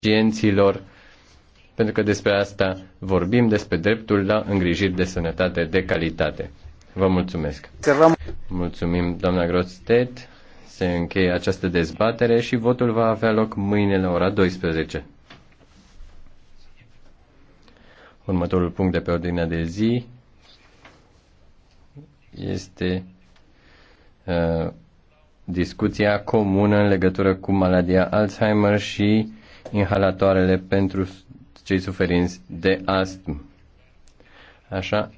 pacienților, pentru că despre asta vorbim, despre dreptul la îngrijiri de sănătate de calitate. Vă mulțumesc! Mulțumim, doamna Grostet. Se încheie această dezbatere și votul va avea loc mâine la ora 12. Următorul punct de pe ordinea de zi este uh, discuția comună în legătură cu maladia Alzheimer și inhalatoarele pentru cei suferinți de astm. Așa,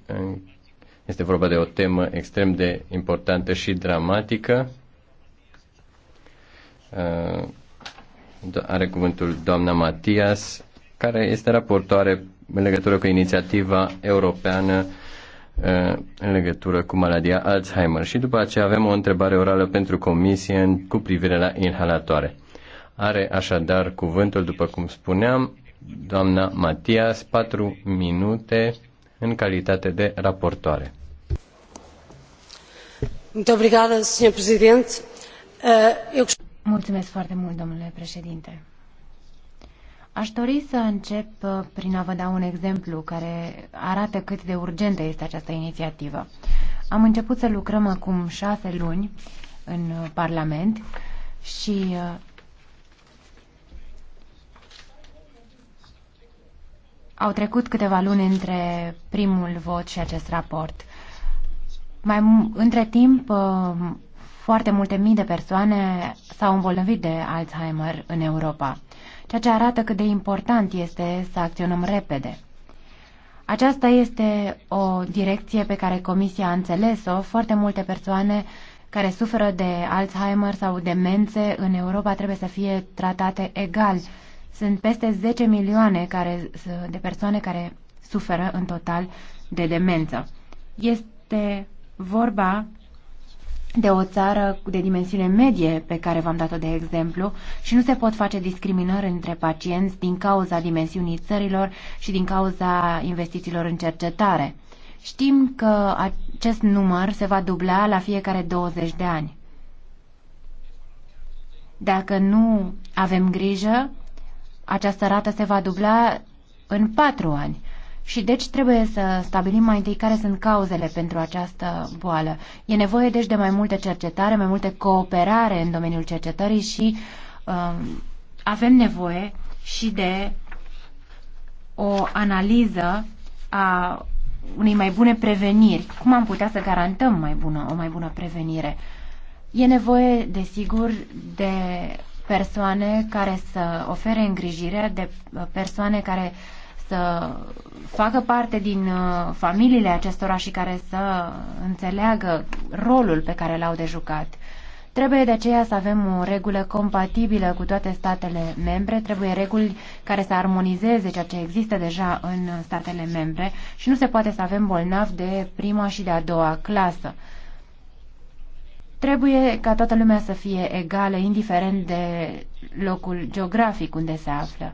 este vorba de o temă extrem de importantă și dramatică. Uh, are cuvântul doamna Matias, care este raportoare în legătură cu inițiativa europeană uh, în legătură cu maladia Alzheimer. Și după aceea avem o întrebare orală pentru comisie cu privire la inhalatoare. Are așadar cuvântul, după cum spuneam, doamna Matias, patru minute în calitate de raportoare. Eh, Mulțumesc foarte mult, domnule președinte. Aș dori să încep eh, prin a vă da un exemplu care arată cât de urgentă este această inițiativă. Am început să lucrăm acum șase luni în Parlament și eh, Au trecut câteva luni între primul vot și acest raport. Mai între timp, uh, foarte multe mii de persoane s-au îmbolnăvit de Alzheimer în Europa, ceea ce arată cât de important este să acționăm repede. Aceasta este o direcție pe care Comisia a înțeles-o. Foarte multe persoane care suferă de Alzheimer sau demențe în Europa trebuie să fie tratate egal sunt peste 10 milioane care, de persoane care suferă în total de demență. Este vorba de o țară de dimensiune medie pe care v-am dat-o de exemplu și nu se pot face discriminări între pacienți din cauza dimensiunii țărilor și din cauza investițiilor în cercetare. Știm că acest număr se va dubla la fiecare 20 de ani. Dacă nu avem grijă, această rată se va dubla în patru ani. Și deci trebuie să stabilim mai întâi care sunt cauzele pentru această boală. E nevoie deci de mai multe cercetare, mai multe cooperare în domeniul cercetării și uh, avem nevoie și de o analiză a unei mai bune preveniri. Cum am putea să garantăm mai bună, o mai bună prevenire? E nevoie, desigur, de persoane care să ofere îngrijire, de uh, persoane care să facă parte din uh, familiile acestora și care să înțeleagă rolul pe care l-au de jucat. Trebuie de aceea să avem o regulă compatibilă cu toate statele membre, trebuie reguli care să armonizeze ceea ce există deja în statele membre și nu se poate să avem bolnavi de prima și de a doua clasă. Trebuie ca toată lumea să fie egală, indiferent de locul geografic unde se află.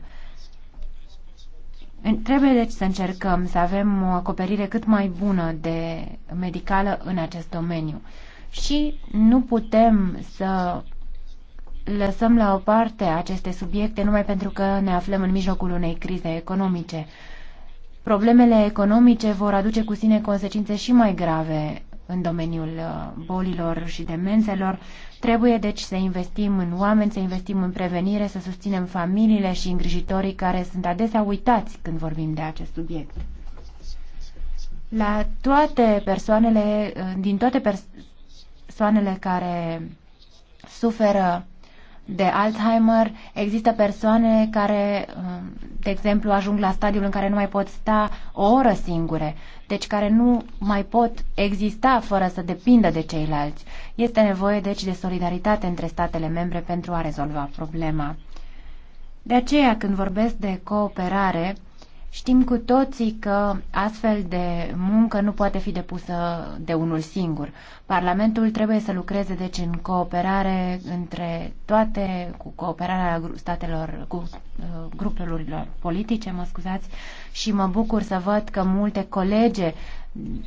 Trebuie deci să încercăm să avem o acoperire cât mai bună de medicală în acest domeniu. Și nu putem să lăsăm la o parte aceste subiecte numai pentru că ne aflăm în mijlocul unei crize economice. Problemele economice vor aduce cu sine consecințe și mai grave în domeniul uh, bolilor și demențelor. Trebuie deci să investim în oameni, să investim în prevenire, să susținem familiile și îngrijitorii care sunt adesea uitați când vorbim de acest subiect. La toate persoanele, uh, din toate persoanele care suferă de Alzheimer. Există persoane care, um, de exemplu, ajung la stadiul în care nu mai pot sta o oră singure, deci care nu mai pot exista fără să depindă de ceilalți. Este nevoie, deci, de solidaritate între statele membre pentru a rezolva problema. De aceea, când vorbesc de cooperare, Știm cu toții că astfel de muncă nu poate fi depusă de unul singur. Parlamentul trebuie să lucreze deci în cooperare între toate, cu cooperarea statelor, cu uh, grupurilor politice, mă scuzați, și mă bucur să văd că multe colege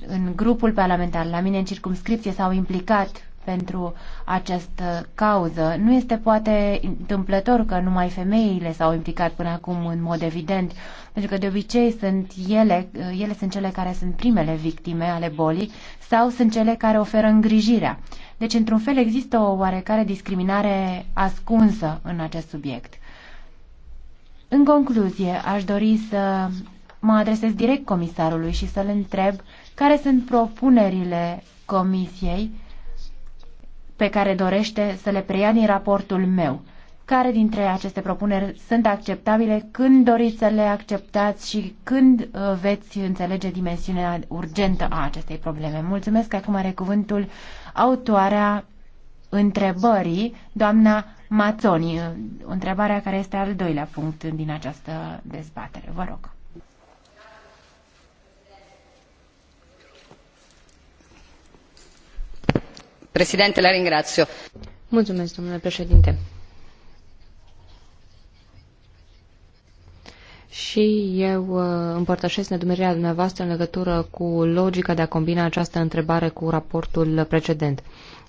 în grupul parlamentar, la mine în circumscripție, s-au implicat pentru această cauză. Nu este poate întâmplător că numai femeile s-au implicat până acum în mod evident, pentru că de obicei sunt ele, ele sunt cele care sunt primele victime ale bolii sau sunt cele care oferă îngrijirea. Deci, într-un fel, există o oarecare discriminare ascunsă în acest subiect. În concluzie, aș dori să mă adresez direct comisarului și să-l întreb care sunt propunerile comisiei pe care dorește să le preia din raportul meu. Care dintre aceste propuneri sunt acceptabile, când doriți să le acceptați și când uh, veți înțelege dimensiunea urgentă a acestei probleme? Mulțumesc că acum are cuvântul autoarea întrebării, doamna Mazzoni, uh, întrebarea care este al doilea punct din această dezbatere. Vă rog. Presidente, la Și eu uh, împărtășesc nedumerirea dumneavoastră în legătură cu logica de a combina această întrebare cu raportul precedent.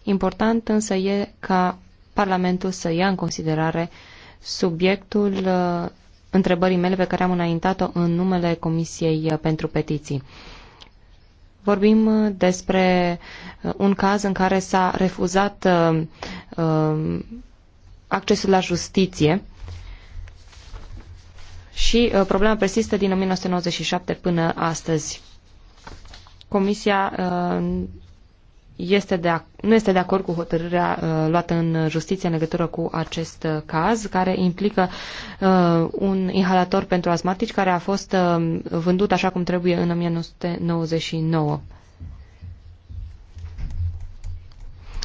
Important însă e ca Parlamentul să ia în considerare subiectul uh, întrebării mele pe care am înaintat-o în numele Comisiei uh, pentru Petiții. Vorbim uh, despre uh, un caz în care s-a refuzat uh, um, accesul la justiție și problema persistă din 1997 până astăzi. Comisia este de, nu este de acord cu hotărârea uh, luată în justiție în legătură cu acest uh, caz, care implică uh, un inhalator pentru asmatici care a fost uh, vândut așa cum trebuie în 1999.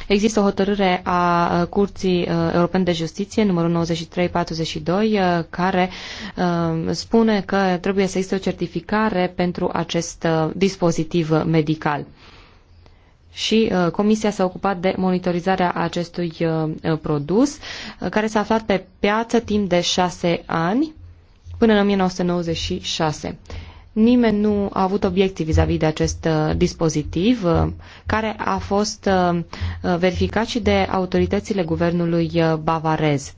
Există o hotărâre a uh, Curții uh, Europene de Justiție, numărul 9342, uh, care spune că trebuie să existe o certificare pentru acest dispozitiv medical și uh, Comisia s-a ocupat de monitorizarea acestui uh, uh, produs, care s-a aflat pe piață timp de șase ani, până în 1996. Nimeni nu a avut obiecții vis-a-vis -vis de acest dispozitiv, care a fost verificat și de autoritățile guvernului bavarez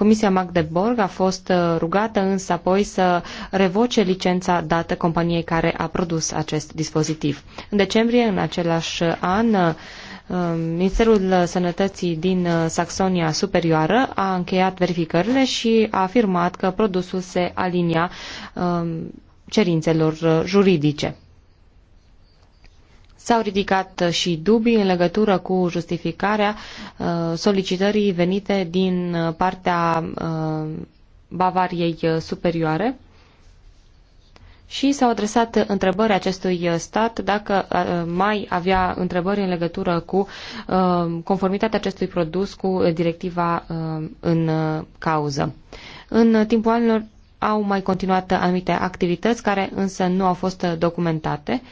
Comisia Magdeburg a fost uh, rugată însă apoi să revoce licența dată companiei care a produs acest dispozitiv. În decembrie, în același an, uh, Ministerul Sănătății din uh, Saxonia Superioară a încheiat verificările și a afirmat că produsul se alinia um, cerințelor juridice. S-au ridicat și dubii în legătură cu justificarea uh, solicitării venite din uh, partea uh, Bavariei Superioare și s-au adresat întrebări acestui stat dacă mai avea întrebări în legătură cu conformitatea acestui produs cu directiva în cauză. În timpul anilor au mai continuat anumite activități care însă nu au fost documentate.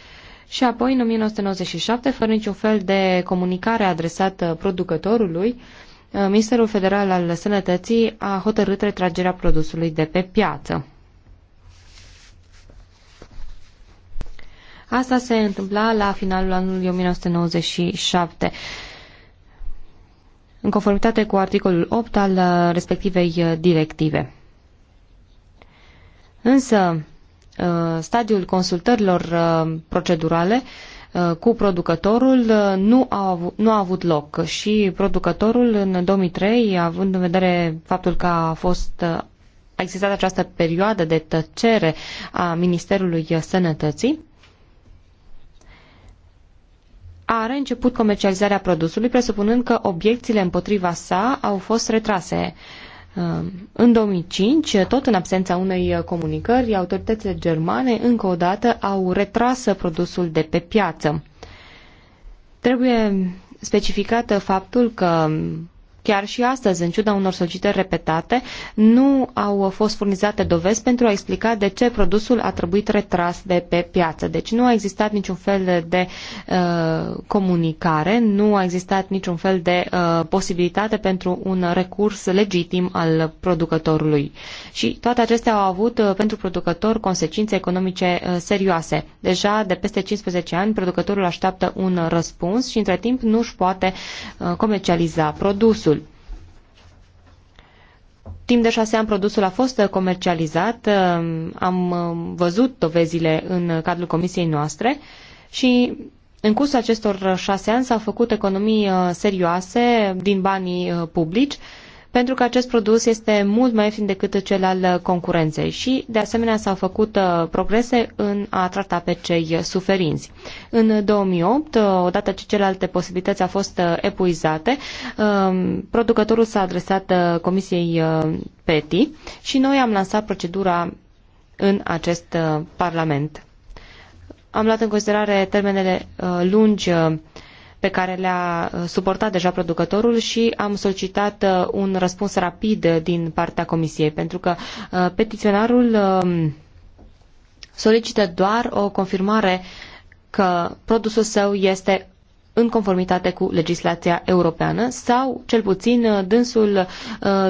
Și apoi, în 1997, fără niciun fel de comunicare adresată producătorului, uh, Ministerul Federal al Sănătății a hotărât retragerea produsului de pe piață. Asta se întâmpla la finalul anului 1997. În conformitate cu articolul 8 al uh, respectivei uh, directive. Însă, Uh, stadiul consultărilor uh, procedurale uh, cu producătorul nu a, nu a avut loc și producătorul în 2003, având în vedere faptul că a fost a existat această perioadă de tăcere a Ministerului Sănătății, a reînceput comercializarea produsului, presupunând că obiecțiile împotriva sa au fost retrase. Uh, în 2005, tot în absența unei comunicări, autoritățile germane încă o dată au retras produsul de pe piață. Trebuie specificată faptul că Chiar și astăzi, în ciuda unor solicitări repetate, nu au fost furnizate dovezi pentru a explica de ce produsul a trebuit retras de pe piață. Deci nu a existat niciun fel de uh, comunicare, nu a existat niciun fel de uh, posibilitate pentru un recurs legitim al producătorului. Și toate acestea au avut uh, pentru producător consecințe economice uh, serioase. Deja de peste 15 ani producătorul așteaptă un răspuns și între timp nu își poate uh, comercializa produsul. Timp de șase ani produsul a fost uh, comercializat, uh, am uh, văzut dovezile în cadrul comisiei noastre și în cursul acestor șase ani s-au făcut economii serioase din banii publici pentru că acest produs este mult mai ieftin decât cel al concurenței și, de asemenea, s-au făcut uh, progrese în a trata pe cei suferinți. În 2008, uh, odată ce celelalte posibilități au fost uh, epuizate, um, producătorul s-a adresat Comisiei PETI și noi am lansat procedura în acest Parlament. Am luat în considerare termenele lungi pe care le-a uh, suportat deja producătorul și am solicitat uh, un răspuns rapid din partea Comisiei, pentru că uh, petiționarul um, solicită doar o confirmare că produsul său este în conformitate cu legislația europeană sau, cel puțin, dânsul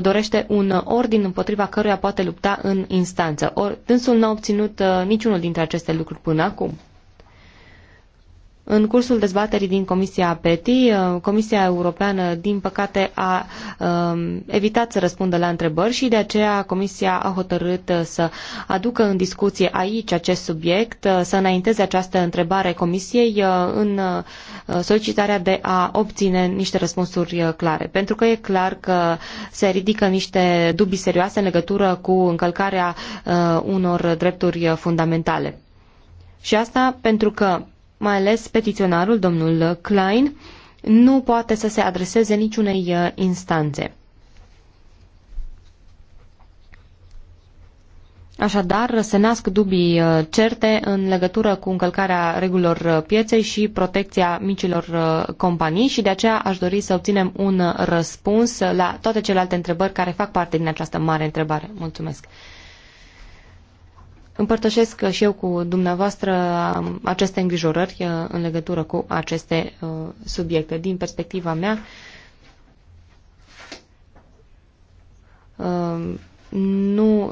dorește un ordin împotriva căruia poate lupta în instanță. Or, dânsul n-a obținut niciunul dintre aceste lucruri până acum. În cursul dezbaterii din Comisia PETI, uh, Comisia Europeană, din păcate, a um, evitat să răspundă la întrebări și de aceea Comisia a hotărât uh, să aducă în discuție aici acest subiect, uh, să înainteze această întrebare Comisiei în solicitarea de a obține niște răspunsuri clare. Pentru că e clar că se ridică niște dubii serioase în legătură cu încălcarea unor drepturi fundamentale. Și asta pentru că mai ales petiționarul, domnul Klein, nu poate să se adreseze niciunei uh, instanțe. Așadar, se nasc dubii uh, certe în legătură cu încălcarea regulilor uh, pieței și protecția micilor companii și de aceea aș dori să obținem un răspuns la toate celelalte întrebări care fac parte din această mare întrebare. Mulțumesc! Împărtășesc și eu cu dumneavoastră aceste îngrijorări uh, în legătură cu aceste uh, subiecte. Din perspectiva mea, uh, nu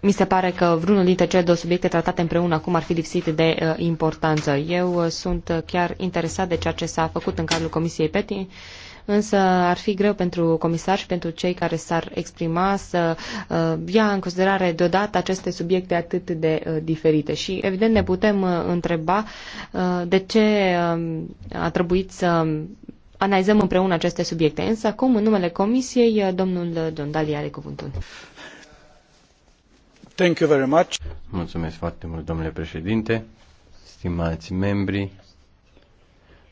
mi se pare că vreunul dintre cele două subiecte tratate împreună acum ar fi lipsit de importanță. Eu sunt chiar interesat de ceea ce s-a făcut în cadrul Comisiei PETI însă ar fi greu pentru comisar și pentru cei care s-ar exprima să uh, ia în considerare deodată aceste subiecte atât de uh, diferite. Și evident ne putem uh, întreba de ce um, a trebuit să analizăm împreună aceste subiecte. Însă acum, în numele Comisiei, domnul John Daly are cuvântul. Thank you very much. Mulțumesc foarte mult, domnule președinte, stimați membri.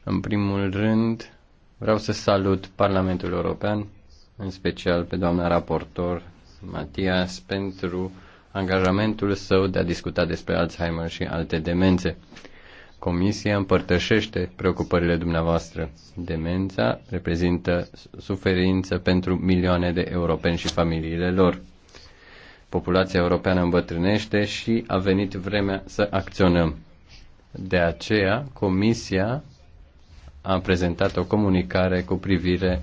În primul rând, Vreau să salut Parlamentul European, în special pe doamna raportor Matias, pentru angajamentul său de a discuta despre Alzheimer și alte demențe. Comisia împărtășește preocupările dumneavoastră. Demența reprezintă suferință pentru milioane de europeni și familiile lor. Populația europeană îmbătrânește și a venit vremea să acționăm. De aceea, Comisia am prezentat o comunicare cu privire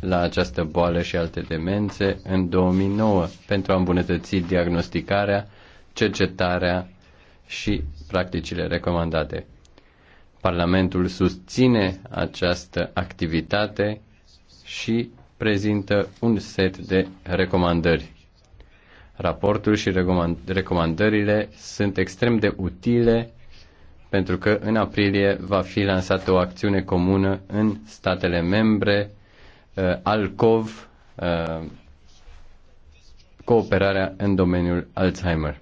la această boală și alte demențe în 2009 pentru a îmbunătăți diagnosticarea, cercetarea și practicile recomandate. Parlamentul susține această activitate și prezintă un set de recomandări. Raportul și recomandările sunt extrem de utile pentru că în aprilie va fi lansată o acțiune comună în statele membre, uh, ALCOV, uh, cooperarea în domeniul Alzheimer.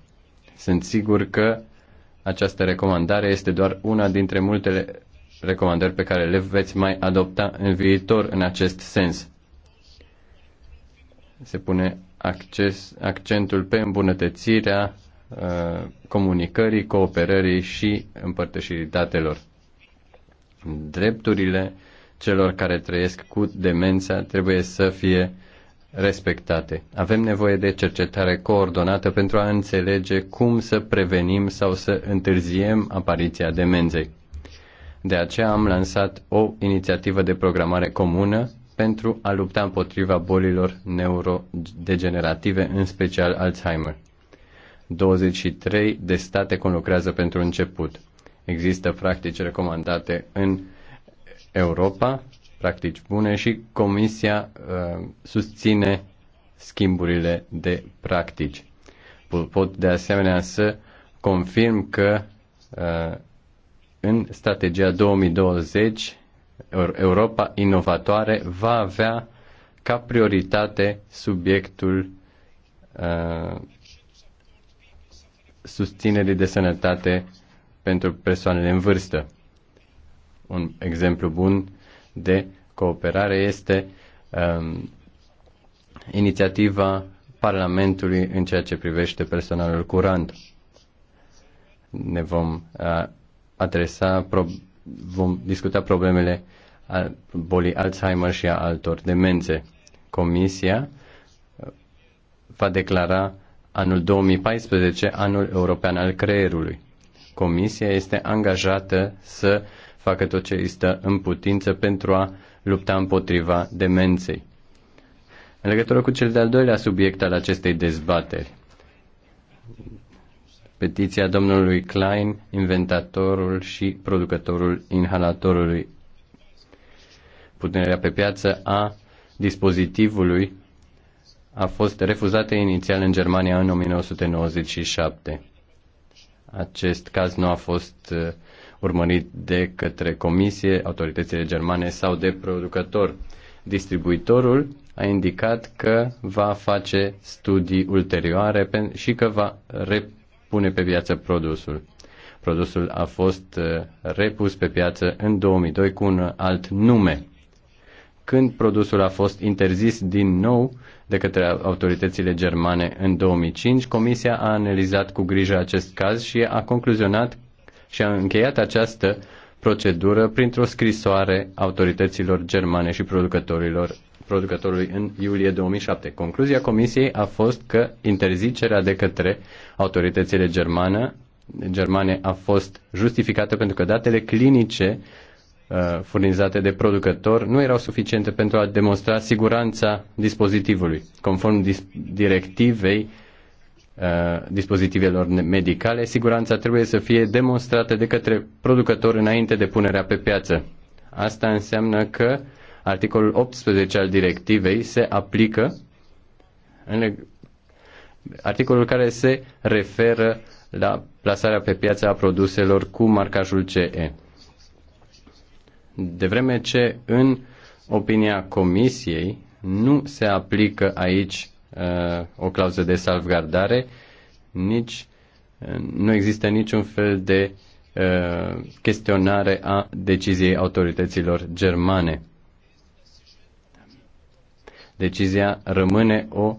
Sunt sigur că această recomandare este doar una dintre multele recomandări pe care le veți mai adopta în viitor în acest sens. Se pune acces, accentul pe îmbunătățirea Uh, comunicării, cooperării și împărtășirii datelor. Drepturile celor care trăiesc cu demența trebuie să fie respectate. Avem nevoie de cercetare coordonată pentru a înțelege cum să prevenim sau să întârziem apariția demenței. De aceea am lansat o inițiativă de programare comună pentru a lupta împotriva bolilor neurodegenerative, în special Alzheimer. 23 de state conlucrează pentru început. Există practici recomandate în Europa, practici bune și Comisia uh, susține schimburile de practici. Pot de asemenea să confirm că uh, în strategia 2020 Europa inovatoare va avea ca prioritate subiectul uh, susținerii de sănătate pentru persoanele în vârstă. Un exemplu bun de cooperare este um, inițiativa Parlamentului în ceea ce privește personalul curant. Ne vom uh, adresa, pro- vom discuta problemele al bolii Alzheimer și a altor demențe. Comisia uh, va declara anul 2014, anul european al creierului. Comisia este angajată să facă tot ce îi stă în putință pentru a lupta împotriva demenței. În legătură cu cel de-al doilea subiect al acestei dezbateri, petiția domnului Klein, inventatorul și producătorul inhalatorului, punerea pe piață a dispozitivului a fost refuzată inițial în Germania în 1997. Acest caz nu a fost uh, urmărit de către comisie, autoritățile germane sau de producător. Distribuitorul a indicat că va face studii ulterioare și că va repune pe piață produsul. Produsul a fost uh, repus pe piață în 2002 cu un alt nume când produsul a fost interzis din nou de către autoritățile germane în 2005, Comisia a analizat cu grijă acest caz și a concluzionat și a încheiat această procedură printr-o scrisoare autorităților germane și producătorilor producătorului în iulie 2007. Concluzia comisiei a fost că interzicerea de către autoritățile germane, germane a fost justificată pentru că datele clinice Uh, furnizate de producător nu erau suficiente pentru a demonstra siguranța dispozitivului. Conform dis- directivei uh, dispozitivelor medicale, siguranța trebuie să fie demonstrată de către producător înainte de punerea pe piață. Asta înseamnă că articolul 18 al directivei se aplică în articolul care se referă la plasarea pe piață a produselor cu marcajul CE de vreme ce în opinia Comisiei nu se aplică aici uh, o clauză de salvgardare, nici uh, nu există niciun fel de uh, chestionare a deciziei autorităților germane. Decizia rămâne o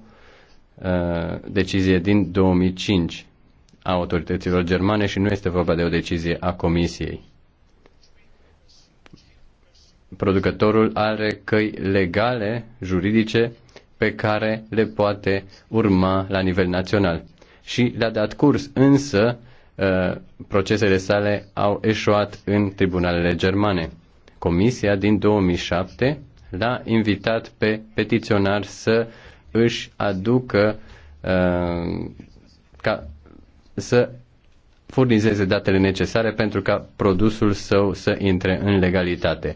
uh, decizie din 2005 a autorităților germane și nu este vorba de o decizie a Comisiei producătorul are căi legale, juridice, pe care le poate urma la nivel național. Și le-a dat curs, însă uh, procesele sale au eșuat în tribunalele germane. Comisia din 2007 l-a invitat pe petiționar să își aducă uh, ca să furnizeze datele necesare pentru ca produsul său să intre în legalitate.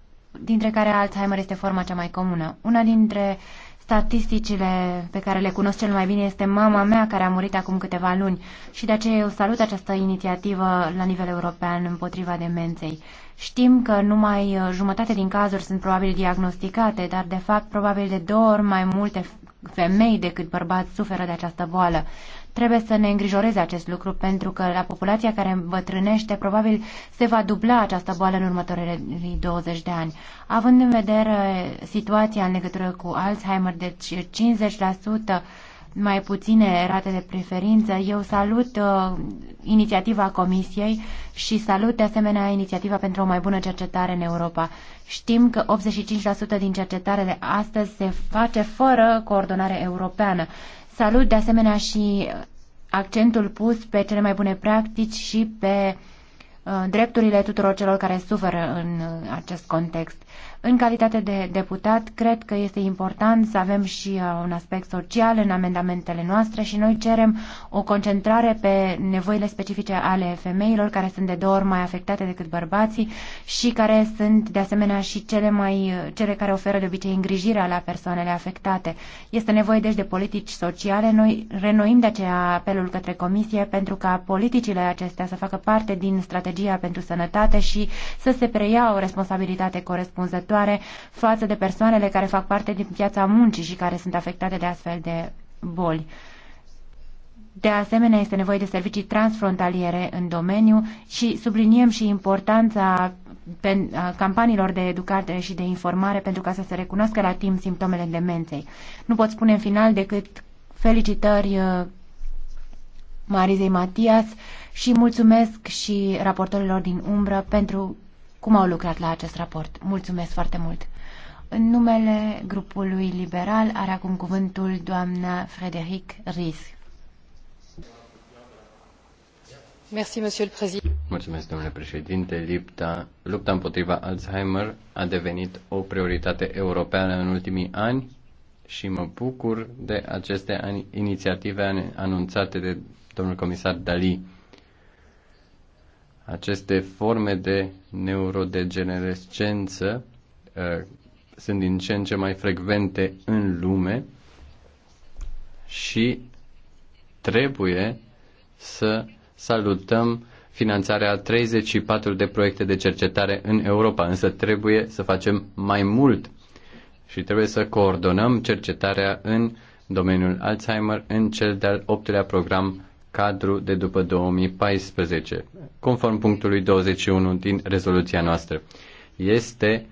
dintre care Alzheimer este forma cea mai comună. Una dintre statisticile pe care le cunosc cel mai bine este mama mea care a murit acum câteva luni și de aceea eu salut această inițiativă la nivel european împotriva demenței. Știm că numai uh, jumătate din cazuri sunt probabil diagnosticate, dar de fapt probabil de două ori mai multe femei decât bărbați suferă de această boală. Trebuie să ne îngrijoreze acest lucru pentru că la populația care îmbătrânește probabil se va dubla această boală în următoarele 20 de ani. Având în vedere situația în legătură cu Alzheimer, deci 50% mai puține rate de preferință. Eu salut uh, inițiativa Comisiei și salut de asemenea inițiativa pentru o mai bună cercetare în Europa. Știm că 85% din cercetarele astăzi se face fără coordonare europeană Salut de asemenea și accentul pus pe cele mai bune practici și pe uh, drepturile tuturor celor care suferă în uh, acest context. În calitate de deputat, cred că este important să avem și uh, un aspect social în amendamentele noastre și noi cerem o concentrare pe nevoile specifice ale femeilor, care sunt de două ori mai afectate decât bărbații și care sunt, de asemenea, și cele, mai, uh, cele care oferă de obicei îngrijirea la persoanele afectate. Este nevoie, deci, de politici sociale. Noi renoim de aceea apelul către Comisie pentru ca politicile acestea să facă parte din strategia pentru sănătate și să se preia o responsabilitate corespunzătoare asemănătoare față de persoanele care fac parte din piața muncii și care sunt afectate de astfel de boli. De asemenea, este nevoie de servicii transfrontaliere în domeniu și subliniem și importanța campaniilor de educare și de informare pentru ca să se recunoască la timp simptomele demenței. Nu pot spune în final decât felicitări uh, Marizei Matias și mulțumesc și raportorilor din umbră pentru cum au lucrat la acest raport. Mulțumesc foarte mult! În numele grupului liberal are acum cuvântul doamna Frederic Ries. Mulțumesc, domnule președinte. Lipta, lupta împotriva Alzheimer a devenit o prioritate europeană în ultimii ani și mă bucur de aceste inițiative anunțate de domnul comisar Dali. Aceste forme de neurodegenerescență uh, sunt din ce în ce mai frecvente în lume și trebuie să salutăm finanțarea 34 de proiecte de cercetare în Europa, însă trebuie să facem mai mult și trebuie să coordonăm cercetarea în domeniul Alzheimer în cel de-al optulea program cadru de după 2014, conform punctului 21 din rezoluția noastră. Este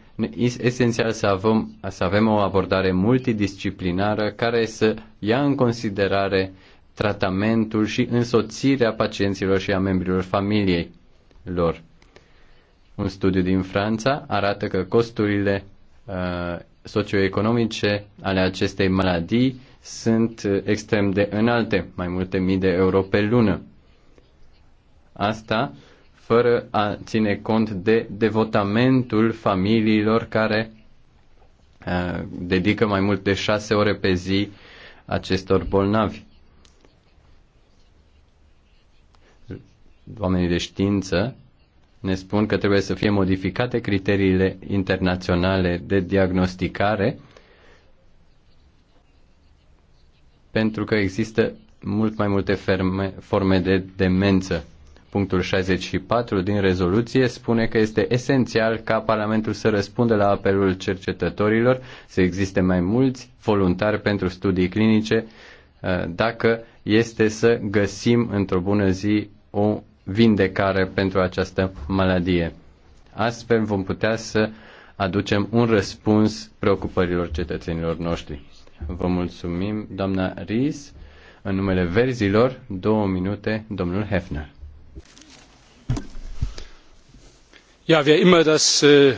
esențial să avem, să avem o abordare multidisciplinară care să ia în considerare tratamentul și însoțirea pacienților și a membrilor familiei lor. Un studiu din Franța arată că costurile uh, socioeconomice ale acestei maladii sunt uh, extrem de înalte, mai multe mii de euro pe lună. Asta fără a ține cont de devotamentul familiilor care uh, dedică mai mult de șase ore pe zi acestor bolnavi. Oamenii de știință ne spun că trebuie să fie modificate criteriile internaționale de diagnosticare pentru că există mult mai multe ferme, forme de demență. Punctul 64 din rezoluție spune că este esențial ca Parlamentul să răspundă la apelul cercetătorilor, să existe mai mulți voluntari pentru studii clinice, uh, dacă este să găsim într-o bună zi o vindecare pentru această maladie. Astfel vom putea să aducem un răspuns preocupărilor cetățenilor noștri. Vă mulțumim, doamna Ries. În numele verzilor, două minute, domnul Hefner. Ja, wer immer das äh,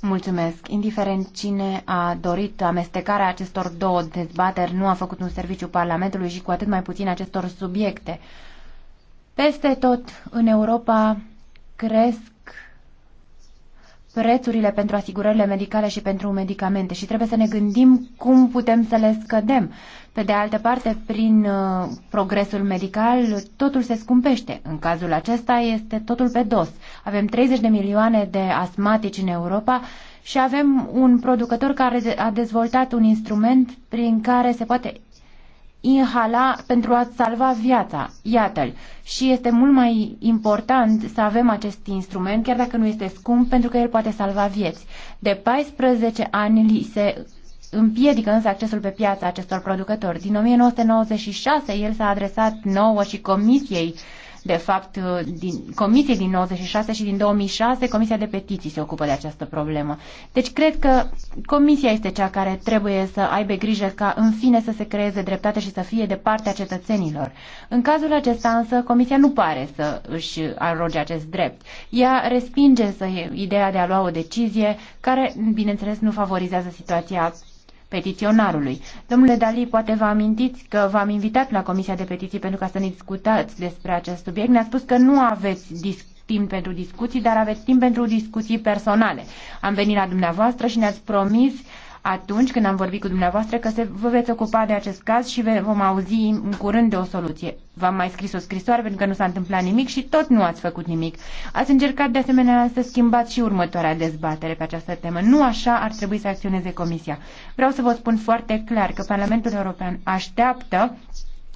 Mulțumesc. Indiferent cine a dorit amestecarea acestor două dezbateri, nu a făcut un serviciu Parlamentului și cu atât mai puțin acestor subiecte. Peste tot în Europa cresc prețurile pentru asigurările medicale și pentru medicamente și trebuie să ne gândim cum putem să le scădem. Pe de altă parte, prin uh, progresul medical, totul se scumpește. În cazul acesta este totul pe dos. Avem 30 de milioane de asmatici în Europa și avem un producător care a dezvoltat un instrument prin care se poate inhala pentru a salva viața. Iată-l. Și este mult mai important să avem acest instrument, chiar dacă nu este scump, pentru că el poate salva vieți. De 14 ani li se împiedică însă accesul pe piața acestor producători. Din 1996 el s-a adresat nouă și comisiei uh, de fapt, uh, din comisie din 96 și din 2006, Comisia de Petiții se ocupă de această problemă. Deci cred că comisia este cea care trebuie să aibă grijă ca în fine să se creeze dreptate și să fie de partea cetățenilor. În cazul acesta însă, comisia nu pare să își aroge acest drept. Ea respinge să ideea de a lua o decizie care, bineînțeles, nu favorizează situația petiționarului. Domnule Dali, poate vă amintiți că v-am invitat la Comisia de Petiții pentru ca să ne discutați despre acest subiect. Ne-a spus că nu aveți discuții timp pentru discuții, dar aveți timp pentru discuții personale. Am venit la dumneavoastră și ne-ați promis uh, atunci când am vorbit cu dumneavoastră că se, vă veți ocupa de acest caz și vom auzi în curând de o soluție. V-am mai scris o scrisoare pentru că nu s-a întâmplat nimic și tot nu ați făcut nimic. Ați încercat de asemenea să schimbați și următoarea dezbatere pe această temă. Nu așa ar trebui să acționeze Comisia. Vreau să vă spun foarte clar că Parlamentul European așteaptă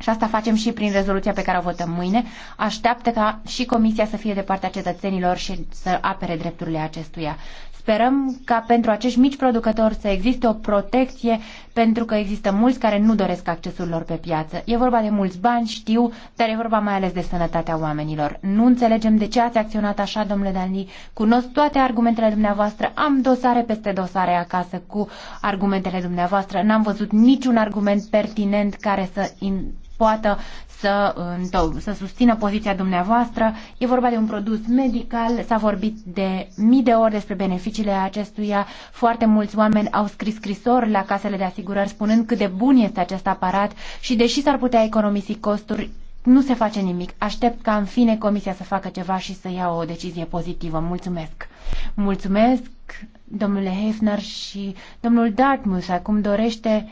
și asta facem și prin rezoluția pe care o votăm mâine, așteaptă ca și Comisia să fie de partea cetățenilor și să apere drepturile acestuia. Sperăm ca pentru acești mici producători să existe o protecție, pentru că există mulți care nu doresc accesul lor pe piață. E vorba de mulți bani, știu, dar e vorba mai ales de sănătatea oamenilor. Nu înțelegem de ce ați acționat așa, domnule Dani. Cunosc toate argumentele dumneavoastră, am dosare peste dosare acasă cu argumentele dumneavoastră. N-am văzut niciun argument pertinent care să poată să, să susțină poziția dumneavoastră. E vorba de un produs medical, s-a vorbit de mii de ori despre beneficiile acestuia. Foarte mulți oameni au scris scrisori la casele de asigurări spunând cât de bun este acest aparat și deși s-ar putea economisi costuri, nu se face nimic. Aștept ca în fine comisia să facă ceva și să ia o decizie pozitivă. Mulțumesc! Mulțumesc, domnule Hefner și domnul Dartmouth acum dorește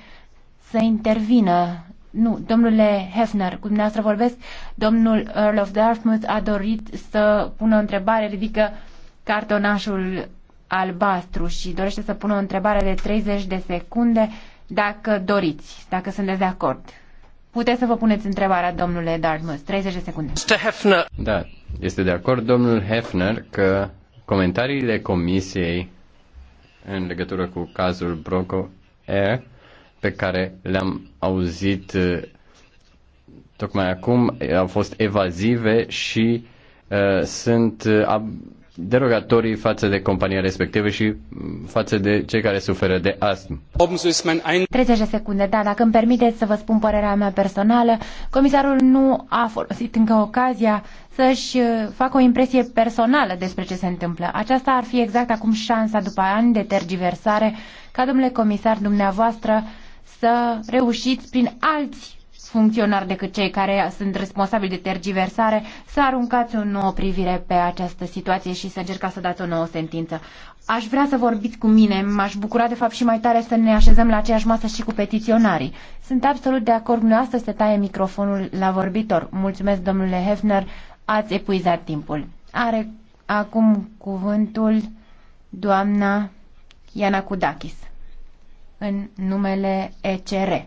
să intervină nu, domnule Hefner, cu dumneavoastră vorbesc, domnul Earl of Dartmouth a dorit să pună o întrebare, ridică cartonașul albastru și dorește să pună o întrebare de 30 de secunde, dacă doriți, dacă sunteți de acord. Puteți să vă puneți întrebarea, domnule Dartmouth, 30 de secunde. Mr. Hefner. Da, este de acord domnul Hefner că comentariile comisiei în legătură cu cazul Broco Air pe care le-am auzit uh, tocmai acum au fost evazive și uh, sunt uh, derogatorii față de compania respectivă și mm, față de cei care suferă de astm. 30 de secunde, da, dacă îmi permiteți să vă spun părerea mea personală, comisarul nu a folosit încă ocazia să-și uh, facă o impresie personală despre ce se întâmplă. Aceasta ar fi exact acum șansa după ani de tergiversare ca domnule comisar dumneavoastră să reușiți prin alți funcționari decât cei care sunt responsabili de tergiversare să aruncați o nouă privire pe această situație și să încercați să dați o nouă sentință. Aș vrea să vorbiți cu mine, m-aș bucura de fapt și mai tare să ne așezăm la aceeași masă și cu petiționarii. Sunt absolut de acord cu astăzi să taie microfonul la vorbitor. Mulțumesc, domnule Hefner, ați epuizat timpul. Are acum cuvântul doamna Iana Kudakis în numele ECR. 750.000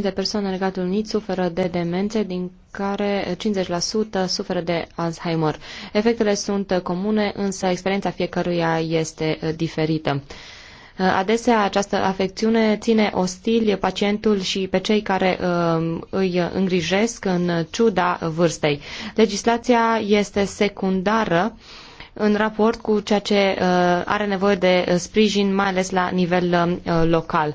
de persoane în Regatul Unit suferă de demențe, din care 50% suferă de Alzheimer. Efectele sunt comune, însă experiența fiecăruia este uh, diferită. Uh, adesea această afecțiune ține ostil pacientul și pe cei care uh, îi îngrijesc în ciuda vârstei. Legislația este secundară în raport cu ceea ce uh, are nevoie de uh, sprijin, mai ales la nivel uh, local.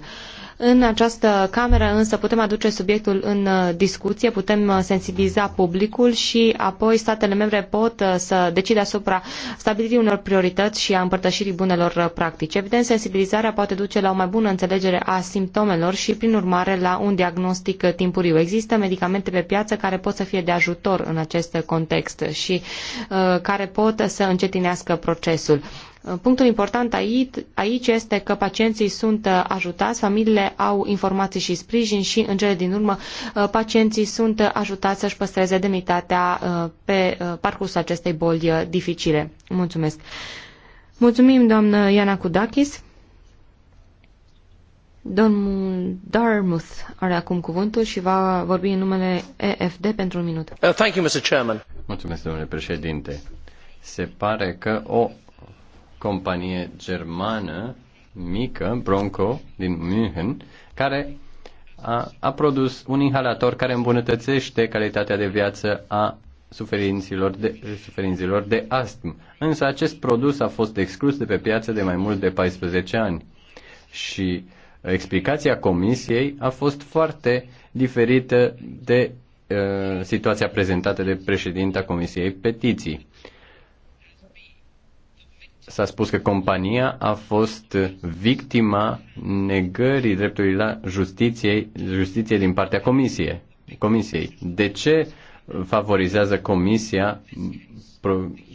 În această cameră însă putem aduce subiectul în uh, discuție, putem uh, sensibiliza publicul și apoi statele membre pot uh, să decide asupra stabilirii unor priorități și a împărtășirii bunelor practici. Evident, sensibilizarea poate duce la o mai bună înțelegere a simptomelor și, prin urmare, la un diagnostic timpuriu. Există medicamente pe piață care pot să fie de ajutor în acest context și uh, care pot să încetinească procesul. Uh, punctul important aici este că pacienții sunt uh, ajutați, familiile au informații și sprijin și, în cele din urmă, uh, pacienții sunt ajutați să-și păstreze demnitatea pe parcursul acestei boli dificile. Mulțumesc! Mulțumim, doamnă Iana Kudakis. Domnul Dartmouth are acum cuvântul și va vorbi în numele EFD pentru un minut. Uh, thank you, Mr. Chairman. Mulțumesc, domnule președinte. Se pare că o companie germană mică, Bronco, din München, care a, a produs un inhalator care îmbunătățește calitatea de viață a suferinților de, suferinților de astm. Însă acest produs a fost exclus de pe piață de mai mult de 14 ani și explicația comisiei a fost foarte diferită de uh, situația prezentată de președinta Comisiei Petiții s-a spus că compania a fost victima negării dreptului la justiție, justiție din partea comisiei. comisiei. De ce favorizează comisia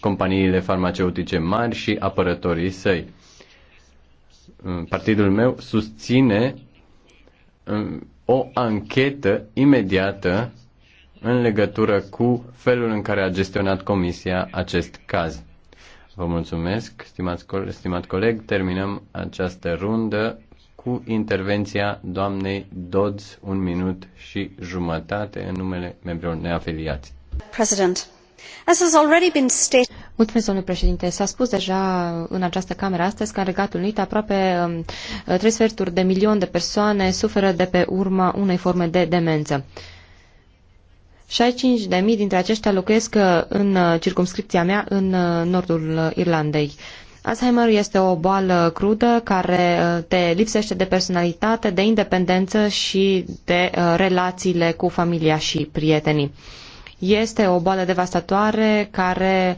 companiile farmaceutice mari și apărătorii săi? Partidul meu susține um, o anchetă imediată în legătură cu felul în care a gestionat comisia acest caz. Vă mulțumesc, stimați, stimat coleg. Terminăm această rundă cu intervenția doamnei Dodds, un minut și jumătate, în numele membrilor neafiliați. President. As has already been stated... Mulțumesc, domnule președinte. S-a spus deja în această cameră astăzi că în Regatul Unit aproape um, trei sferturi de milion de persoane suferă de pe urma unei forme de demență. 65.000 dintre aceștia locuiesc uh, în uh, circumscripția mea, în uh, nordul Irlandei. Alzheimer este o boală crudă care te lipsește de personalitate, de independență și de relațiile cu familia și prietenii. Este o boală devastatoare care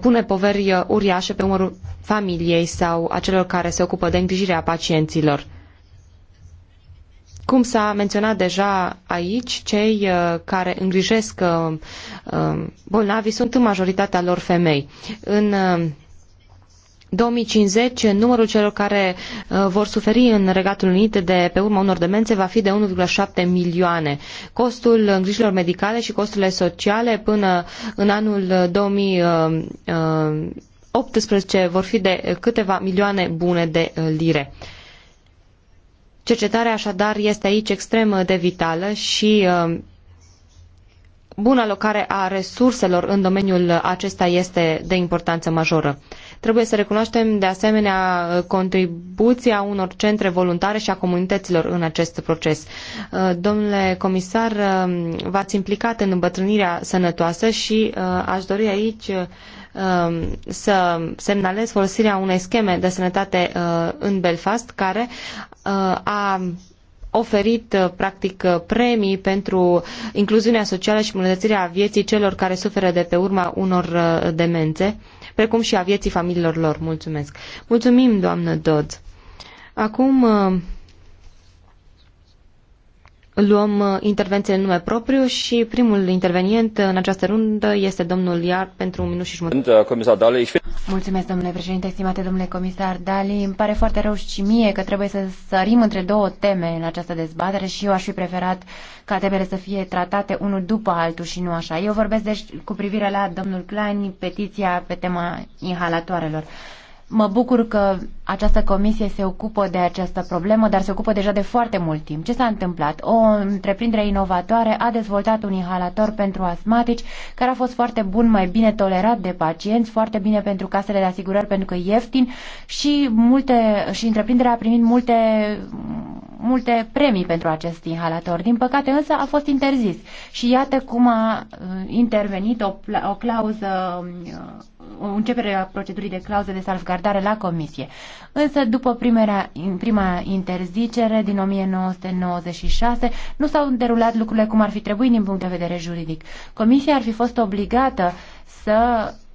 pune poveri uriașe pe umărul familiei sau a celor care se ocupă de îngrijirea pacienților. Cum s-a menționat deja aici, cei uh, care îngrijesc uh, uh, bolnavii sunt în majoritatea lor femei. În 2050, numărul celor care vor suferi în Regatul Unit de pe urma unor demențe va fi de 1,7 milioane. Costul îngrijilor medicale și costurile sociale până în anul 2018 vor fi de câteva milioane bune de lire. Cercetarea așadar este aici extrem de vitală și uh, bună alocare a resurselor în domeniul acesta este de importanță majoră. Trebuie să recunoaștem de asemenea contribuția unor centre voluntare și a comunităților în acest proces. Uh, domnule comisar, uh, v-ați implicat în îmbătrânirea sănătoasă și aș dori aici Um, să semnalez folosirea unei scheme de sănătate uh, în Belfast care uh, a oferit uh, practic premii pentru incluziunea socială și îmbunătățirea vieții celor care suferă de pe urma unor demențe, precum și a vieții familiilor lor. Mulțumesc. Mulțumim, doamnă Dodd. Acum luăm uh, intervențiile în nume propriu și primul intervenient uh, în această rundă este domnul Iar pentru un minut și jumătate. Uh, comisar Dali, Mulțumesc, domnule președinte, estimate domnule comisar Dali. Îmi pare foarte rău și mie că trebuie să sărim între două teme în această dezbatere și eu aș fi preferat ca temele să fie tratate unul după altul și nu așa. Eu vorbesc deci cu privire la domnul Klein, petiția pe tema inhalatoarelor. Mă bucur că această comisie se ocupă de această problemă, dar se ocupă deja de foarte mult timp. Ce s-a întâmplat? O întreprindere inovatoare a dezvoltat un inhalator pentru asmatici care a fost foarte bun, mai bine tolerat de pacienți, foarte bine pentru casele de asigurări pentru că ieftin și, multe, și întreprinderea a primit multe, multe premii pentru acest inhalator. Din păcate însă a fost interzis și iată cum a uh, intervenit o, o clauză uh, începerea procedurii de clauze de salvgardare la Comisie. Însă, după primera, prima interzicere din 1996, nu s-au derulat lucrurile cum ar fi trebuit din punct de vedere juridic. Comisia ar fi fost obligată să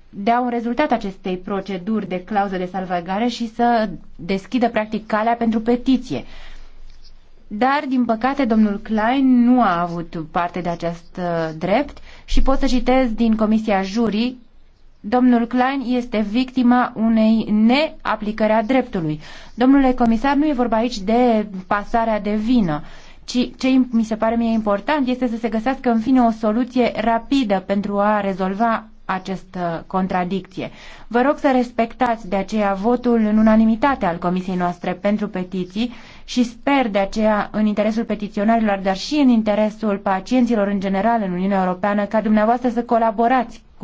dea un rezultat acestei proceduri de clauză de salvgardare și să deschidă, practic, calea pentru petiție. Dar, din păcate, domnul Klein nu a avut parte de acest uh, drept și pot să citez din Comisia Jurii Domnul Klein este victima unei neaplicări a dreptului. Domnule comisar, nu e vorba aici de pasarea de vină, ci ce mi se pare mie important este să se găsească în fine o soluție rapidă pentru a rezolva această contradicție. Vă rog să respectați de aceea votul în unanimitate al Comisiei noastre pentru petiții și sper de aceea în interesul petiționarilor, dar și în interesul pacienților în general în Uniunea Europeană ca dumneavoastră să colaborați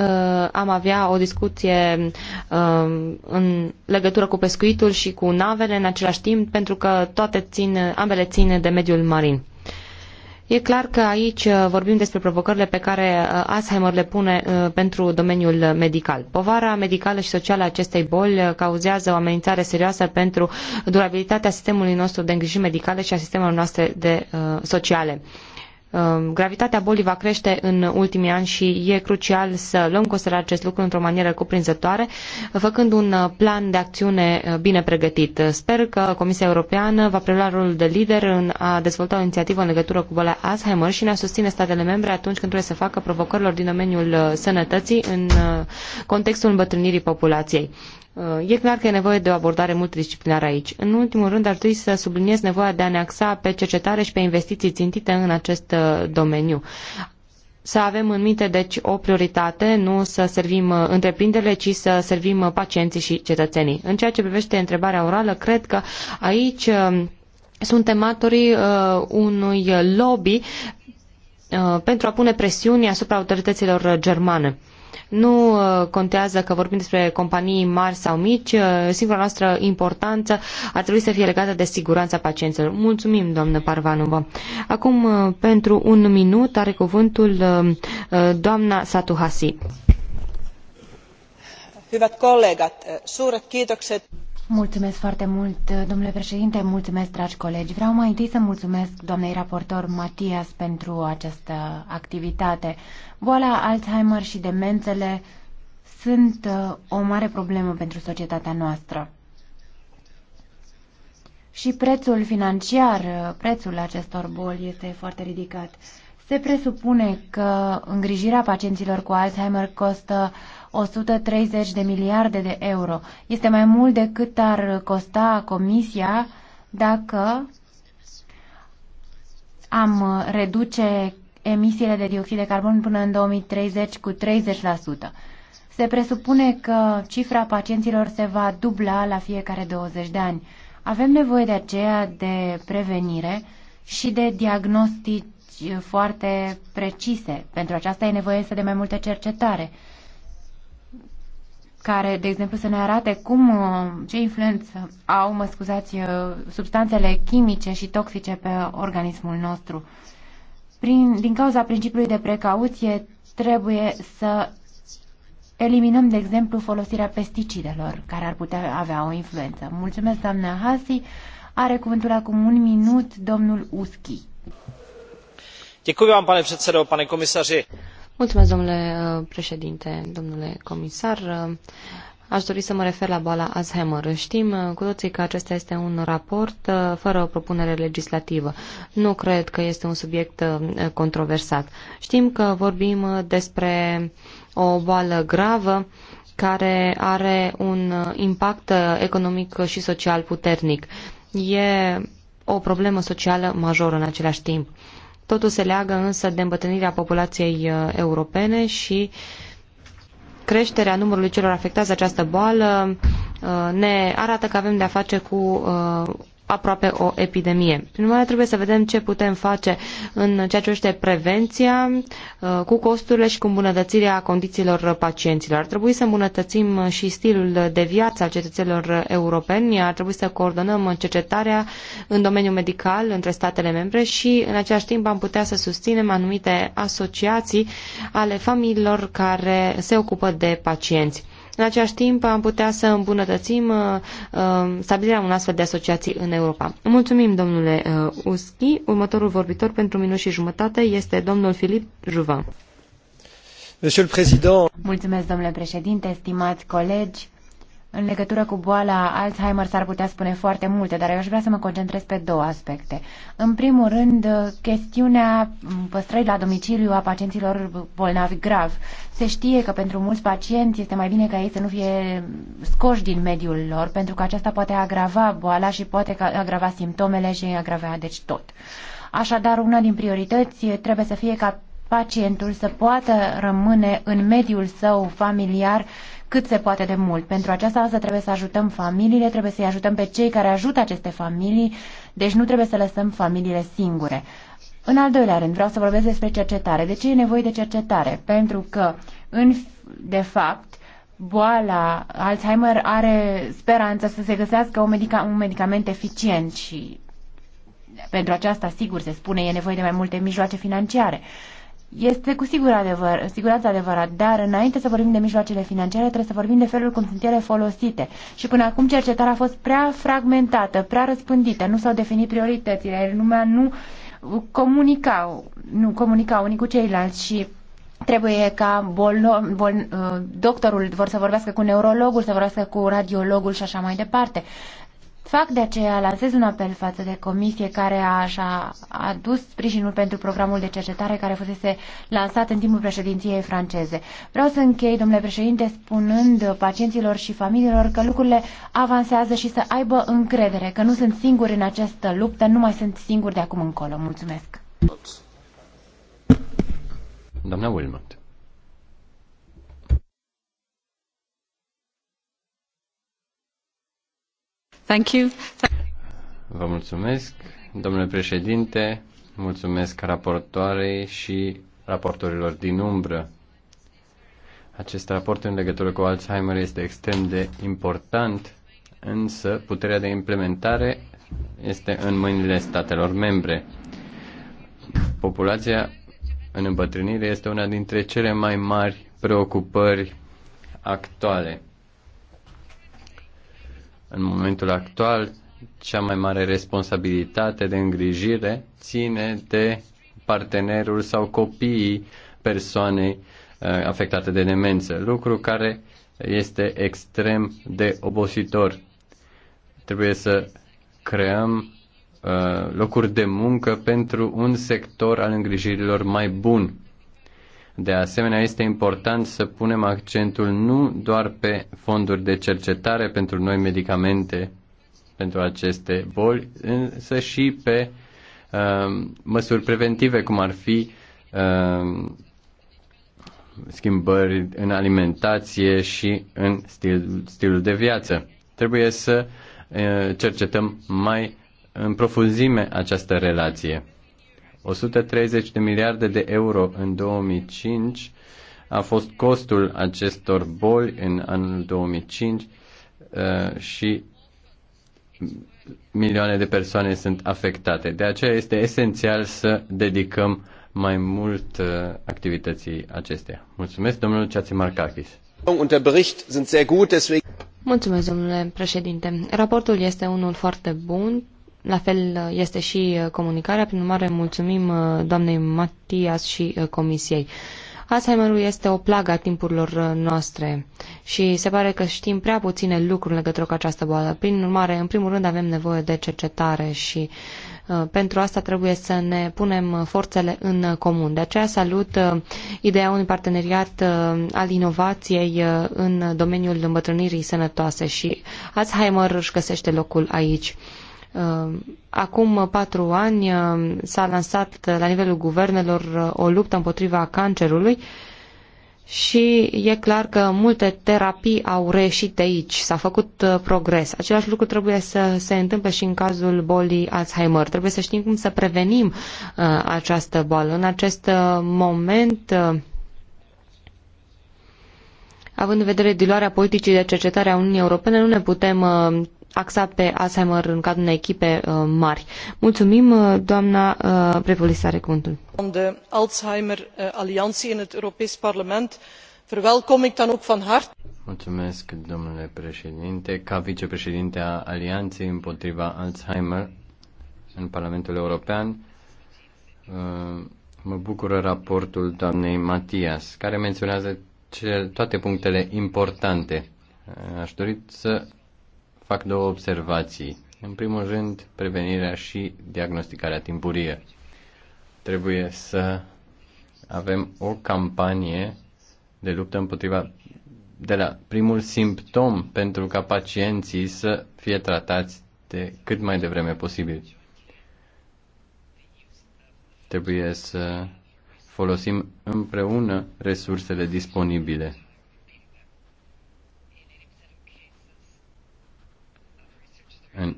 Uh, am avea o discuție um, în legătură cu pescuitul și cu navele în același timp, pentru că toate țin, ambele țin de mediul marin. E clar că aici uh, vorbim despre provocările pe care uh, Alzheimer le pune pentru domeniul medical. Povara medicală și socială a acestei boli cauzează o amenințare serioasă pentru durabilitatea sistemului nostru de îngrijiri medicale și a sistemelor noastre de, sociale. Um, gravitatea bolii va crește în ultimii ani și e crucial să luăm considerare acest lucru într-o manieră cuprinzătoare, făcând un uh, plan de acțiune uh, bine pregătit. Sper că Comisia Europeană va prelua rolul de lider în a dezvolta o inițiativă în legătură cu boala Alzheimer și ne-a susține statele membre atunci când trebuie să facă provocărilor din domeniul uh, sănătății în contextul îmbătrânirii populației. E clar că e nevoie de o abordare multidisciplinară aici. În ultimul rând, ar trebui să subliniez nevoia de a ne axa pe cercetare și pe investiții țintite în acest uh, domeniu. Să avem în minte, deci, o prioritate, nu să servim uh, întreprinderile, ci să servim uh, pacienții și cetățenii. În ceea ce privește întrebarea orală, cred că aici um, suntem matorii unui lobby pentru a pune presiuni asupra autorităților germane. Nu uh, contează că vorbim despre companii mari sau mici, uh, singura noastră importanță ar trebui să fie legată de siguranța pacienților. Mulțumim, doamnă Parvanova. Acum, uh, pentru un minut, are cuvântul doamna Satuhasi. Hyvät kollegat, suuret kiitokset Mulțumesc foarte mult, domnule președinte, mulțumesc, dragi colegi. Vreau mai întâi să mulțumesc doamnei raportor Matias pentru această activitate. Boala Alzheimer și demențele sunt uh, o mare problemă pentru societatea noastră. Și prețul financiar, uh, prețul acestor boli este foarte ridicat. Se presupune că îngrijirea pacienților cu Alzheimer costă 130 de miliarde de euro. Este mai mult decât ar costa Comisia dacă am reduce emisiile de dioxid de carbon până în 2030 cu 30%. Se presupune că cifra pacienților se va dubla la fiecare 20 de ani. Avem nevoie de aceea de prevenire și de diagnostic politici eh, foarte precise. Pentru aceasta e nevoie să de mai multe cercetare care, de exemplu, să ne arate cum, eh, ce influență au, mă scuzați, eh, substanțele chimice și toxice pe organismul nostru. Prin, din cauza principiului de precauție, trebuie să eliminăm, de exemplu, folosirea pesticidelor, care ar putea avea o influență. Mulțumesc, doamna Hasi. Are cuvântul acum un minut domnul Uschi pane Mulțumesc, domnule uh, președinte, domnule comisar. Uh, aș dori să mă refer la boala Alzheimer. Știm uh, cu toții că acesta este un raport fără o propunere legislativă. Nu cred că este un subiect controversat. Știm că vorbim despre o boală gravă care are un impact economic și social puternic. E o problemă socială majoră în același timp. Totul se leagă însă de îmbătrânirea populației uh, europene și creșterea numărului celor afectați de această boală uh, ne arată că avem de-a face cu uh, aproape o epidemie. Prin urmare, trebuie să vedem ce putem face în ceea ce privește prevenția uh, cu costurile și cu îmbunătățirea condițiilor pacienților. Ar trebui să îmbunătățim și stilul de viață al cetățenilor europeni, ar trebui să coordonăm cercetarea în domeniul medical între statele membre și în același timp am putea să susținem anumite asociații ale familiilor care se ocupă de pacienți. În același timp am putea să îmbunătățim uh, uh, stabilirea unui astfel de asociații în Europa. Mulțumim, domnule uh, Uschi. Următorul vorbitor pentru minut și jumătate este domnul Filip Juvan. Mulțumesc, domnule președinte, stimați colegi. În legătură cu boala Alzheimer s-ar putea spune foarte multe, dar eu aș vrea să mă concentrez pe două aspecte. În primul rând, chestiunea păstrării la domiciliu a pacienților bolnavi grav. Se știe că pentru mulți pacienți este mai bine ca ei să nu fie scoși din mediul lor, pentru că aceasta poate agrava boala și poate agrava simptomele și agrava deci tot. Așadar, una din priorități trebuie să fie ca pacientul să poată rămâne în mediul său familiar cât se poate de mult. Pentru aceasta însă trebuie să ajutăm familiile, trebuie să-i ajutăm pe cei care ajută aceste familii, deci nu trebuie să lăsăm familiile singure. În al doilea rând, vreau să vorbesc despre cercetare. De ce e nevoie de cercetare? Pentru că, în, de fapt, boala Alzheimer are speranța să se găsească un, medica- un medicament eficient și pentru aceasta, sigur, se spune, e nevoie de mai multe mijloace financiare. Uh, este cu sigur adevăr, siguranță adevărat, dar înainte să vorbim de mijloacele financiare, trebuie să vorbim de felul cum sunt ele folosite. Și până acum cercetarea a fost prea fragmentată, prea răspândită, nu s-au definit prioritățile, lumea nu comunicau, nu comunicau unii cu ceilalți și trebuie ca bolno, bol, uh, doctorul vor să vorbească cu neurologul, să vorbească cu radiologul și așa mai departe. Fac de aceea, lansez un apel față de comisie care a, așa adus sprijinul pentru programul de cercetare care fusese lansat în timpul președinției franceze. Vreau să închei, domnule președinte, spunând pacienților și familiilor că lucrurile avansează și să aibă încredere, că nu sunt singuri în această luptă, nu mai sunt singuri de acum încolo. Mulțumesc! Doamna Wilmot. Thank you. Vă mulțumesc, domnule președinte, mulțumesc raportoarei și raportorilor din umbră. Acest raport în legătură cu Alzheimer este extrem de important, însă puterea de implementare este în mâinile statelor membre. Populația în îmbătrânire este una dintre cele mai mari preocupări actuale. În momentul actual, cea mai mare responsabilitate de îngrijire ține de partenerul sau copiii persoanei uh, afectate de demență, lucru care este extrem de obositor. Trebuie să creăm uh, locuri de muncă pentru un sector al îngrijirilor mai bun de asemenea, este important să punem accentul nu doar pe fonduri de cercetare pentru noi medicamente pentru aceste boli, însă și pe uh, măsuri preventive, cum ar fi uh, schimbări în alimentație și în stil, stilul de viață. Trebuie să uh, cercetăm mai în profunzime această relație. 130 de miliarde de euro în 2005 a fost costul acestor boli în anul 2005 uh, și milioane de persoane sunt afectate. De aceea este esențial să dedicăm mai mult uh, activității acestea. Mulțumesc, domnul Marcachis. Mulțumesc, domnule președinte. Raportul este unul foarte bun la fel uh, este și uh, comunicarea, prin urmare mulțumim uh, doamnei Matias și comisiei. Alzheimerul este o plagă a timpurilor noastre și se pare că știm prea puține lucruri în legătură cu această boală. Prin urmare, în primul rând avem nevoie de cercetare și pentru asta trebuie să ne punem forțele în comun. De aceea salut ideea unui parteneriat al inovației în domeniul îmbătrânirii sănătoase și Alzheimer își găsește locul aici. Ehm, acum patru ani ehm, s-a lansat la nivelul guvernelor eh, o luptă împotriva cancerului și e clar că multe terapii au reieșit de aici, s-a făcut eh, progres. Același lucru trebuie să se întâmple și în cazul bolii Alzheimer. Trebuie să știm cum să prevenim eh, această boală. În acest moment având în vedere diluarea politicii de cercetare a Uniunii Europene, nu ne putem axat pe Alzheimer în cadrul unei echipe uh, mari. Mulțumim, uh, doamna uh, Prepolisare Cuntul. De Alzheimer Alliantie în Europees Parlament verwelkom ik dan ook van harte. Mulțumesc, domnule președinte. Ca vicepreședinte a Alianței împotriva Alzheimer în Parlamentul European, mă bucură raportul doamnei Matias, care menționează toate punctele importante. Aș dori să fac două observații. În primul rând, prevenirea și diagnosticarea timpurie. Trebuie să avem o campanie de luptă împotriva de la primul simptom pentru ca pacienții să fie tratați de cât mai devreme posibil. Trebuie să folosim împreună resursele disponibile în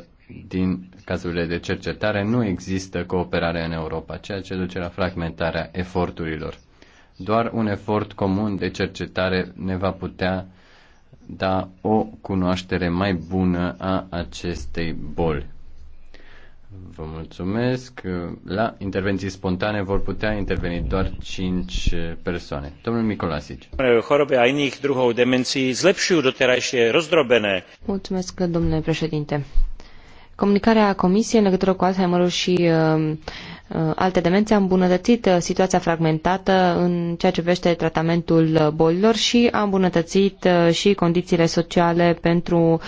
80% din cazurile de cercetare nu există cooperare în Europa, ceea ce duce la fragmentarea eforturilor. Doar un efort comun de cercetare ne va putea da o cunoaștere mai bună a acestei boli. Vă mulțumesc. La intervenții spontane vor putea interveni doar 5 persoane. Domnul Micolasic. Chorobe a inich druhou demenții zlepșujú doterajšie rozdrobene. Mulțumesc, domnule președinte. Comunicarea Comisiei în legătură cu Alzheimerul și uh, Uh, alte demențe a îmbunătățit uh, situația fragmentată în ceea ce privește tratamentul uh, bolilor și a îmbunătățit și condițiile sociale pentru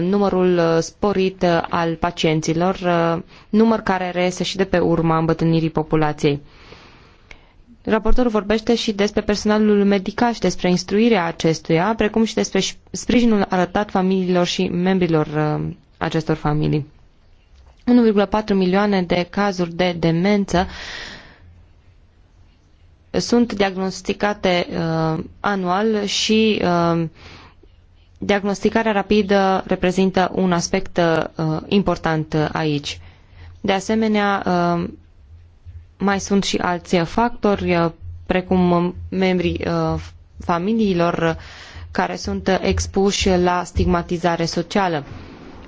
numărul sporit al pacienților, număr care reiese și de pe urma îmbătrânirii populației. Raportorul vorbește și despre personalul medical și despre instruirea acestuia, precum și despre sprijinul arătat familiilor și membrilor acestor familii. 1,4 milioane de cazuri de demență sunt diagnosticate uh, anual și uh, diagnosticarea rapidă reprezintă un aspect uh, important aici. De asemenea, uh, mai sunt și alți factori, uh, precum membrii uh, familiilor care sunt expuși la stigmatizare socială.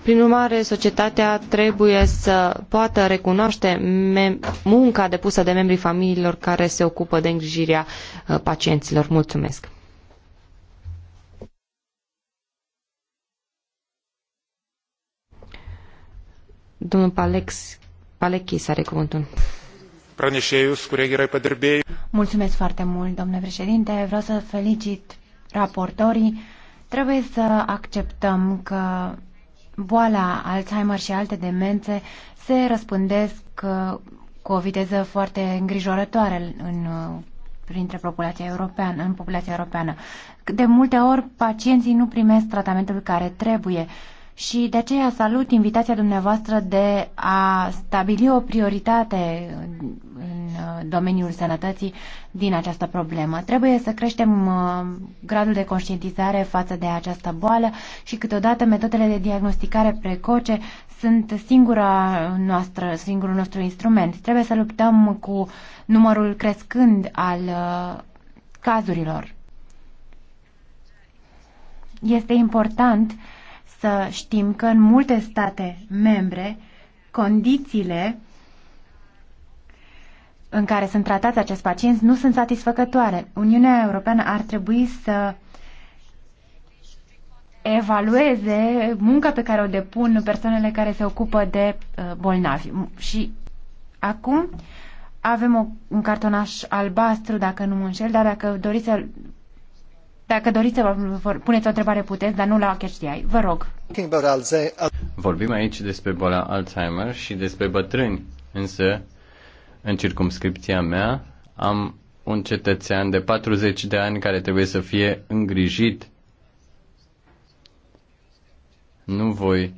Prin urmare, societatea trebuie să poată recunoaște munca depusă de membrii familiilor care se ocupă de îngrijirea uh, pacienților. Mulțumesc! Domnul Palex, Palechis are cuvântul. Pranešėjus, kurie gerai padirbėjo. Mulțumesc foarte mult, domnule președinte. Vreau să felicit raportorii. Trebuie să acceptăm că boala Alzheimer și alte demențe se răspândesc uh, cu o viteză foarte îngrijorătoare în uh, printre populația europeană, în populația europeană. De multe ori pacienții nu primesc tratamentul care trebuie și de aceea salut invitația dumneavoastră de a stabili o prioritate în uh, domeniul sănătății din această problemă. Trebuie să creștem uh, gradul de conștientizare față de această boală și câteodată metodele de diagnosticare precoce sunt singura noastră, singurul nostru instrument. Trebuie să luptăm cu numărul crescând al uh, cazurilor. Este important uh, să știm că în multe state membre condițiile în care sunt tratați acești pacienți nu sunt satisfăcătoare. Uniunea Europeană ar trebui să evalueze munca pe care o depun persoanele care se ocupă de uh, bolnavi. Și acum avem o, un cartonaș albastru, dacă nu mă înșel, dar dacă doriți să dacă doriți să vă puneți o întrebare, puteți, dar nu la chestiai. Vă rog. Vorbim aici despre boala Alzheimer și despre bătrâni, însă în circumscripția mea am un cetățean de 40 de ani care trebuie să fie îngrijit. Nu voi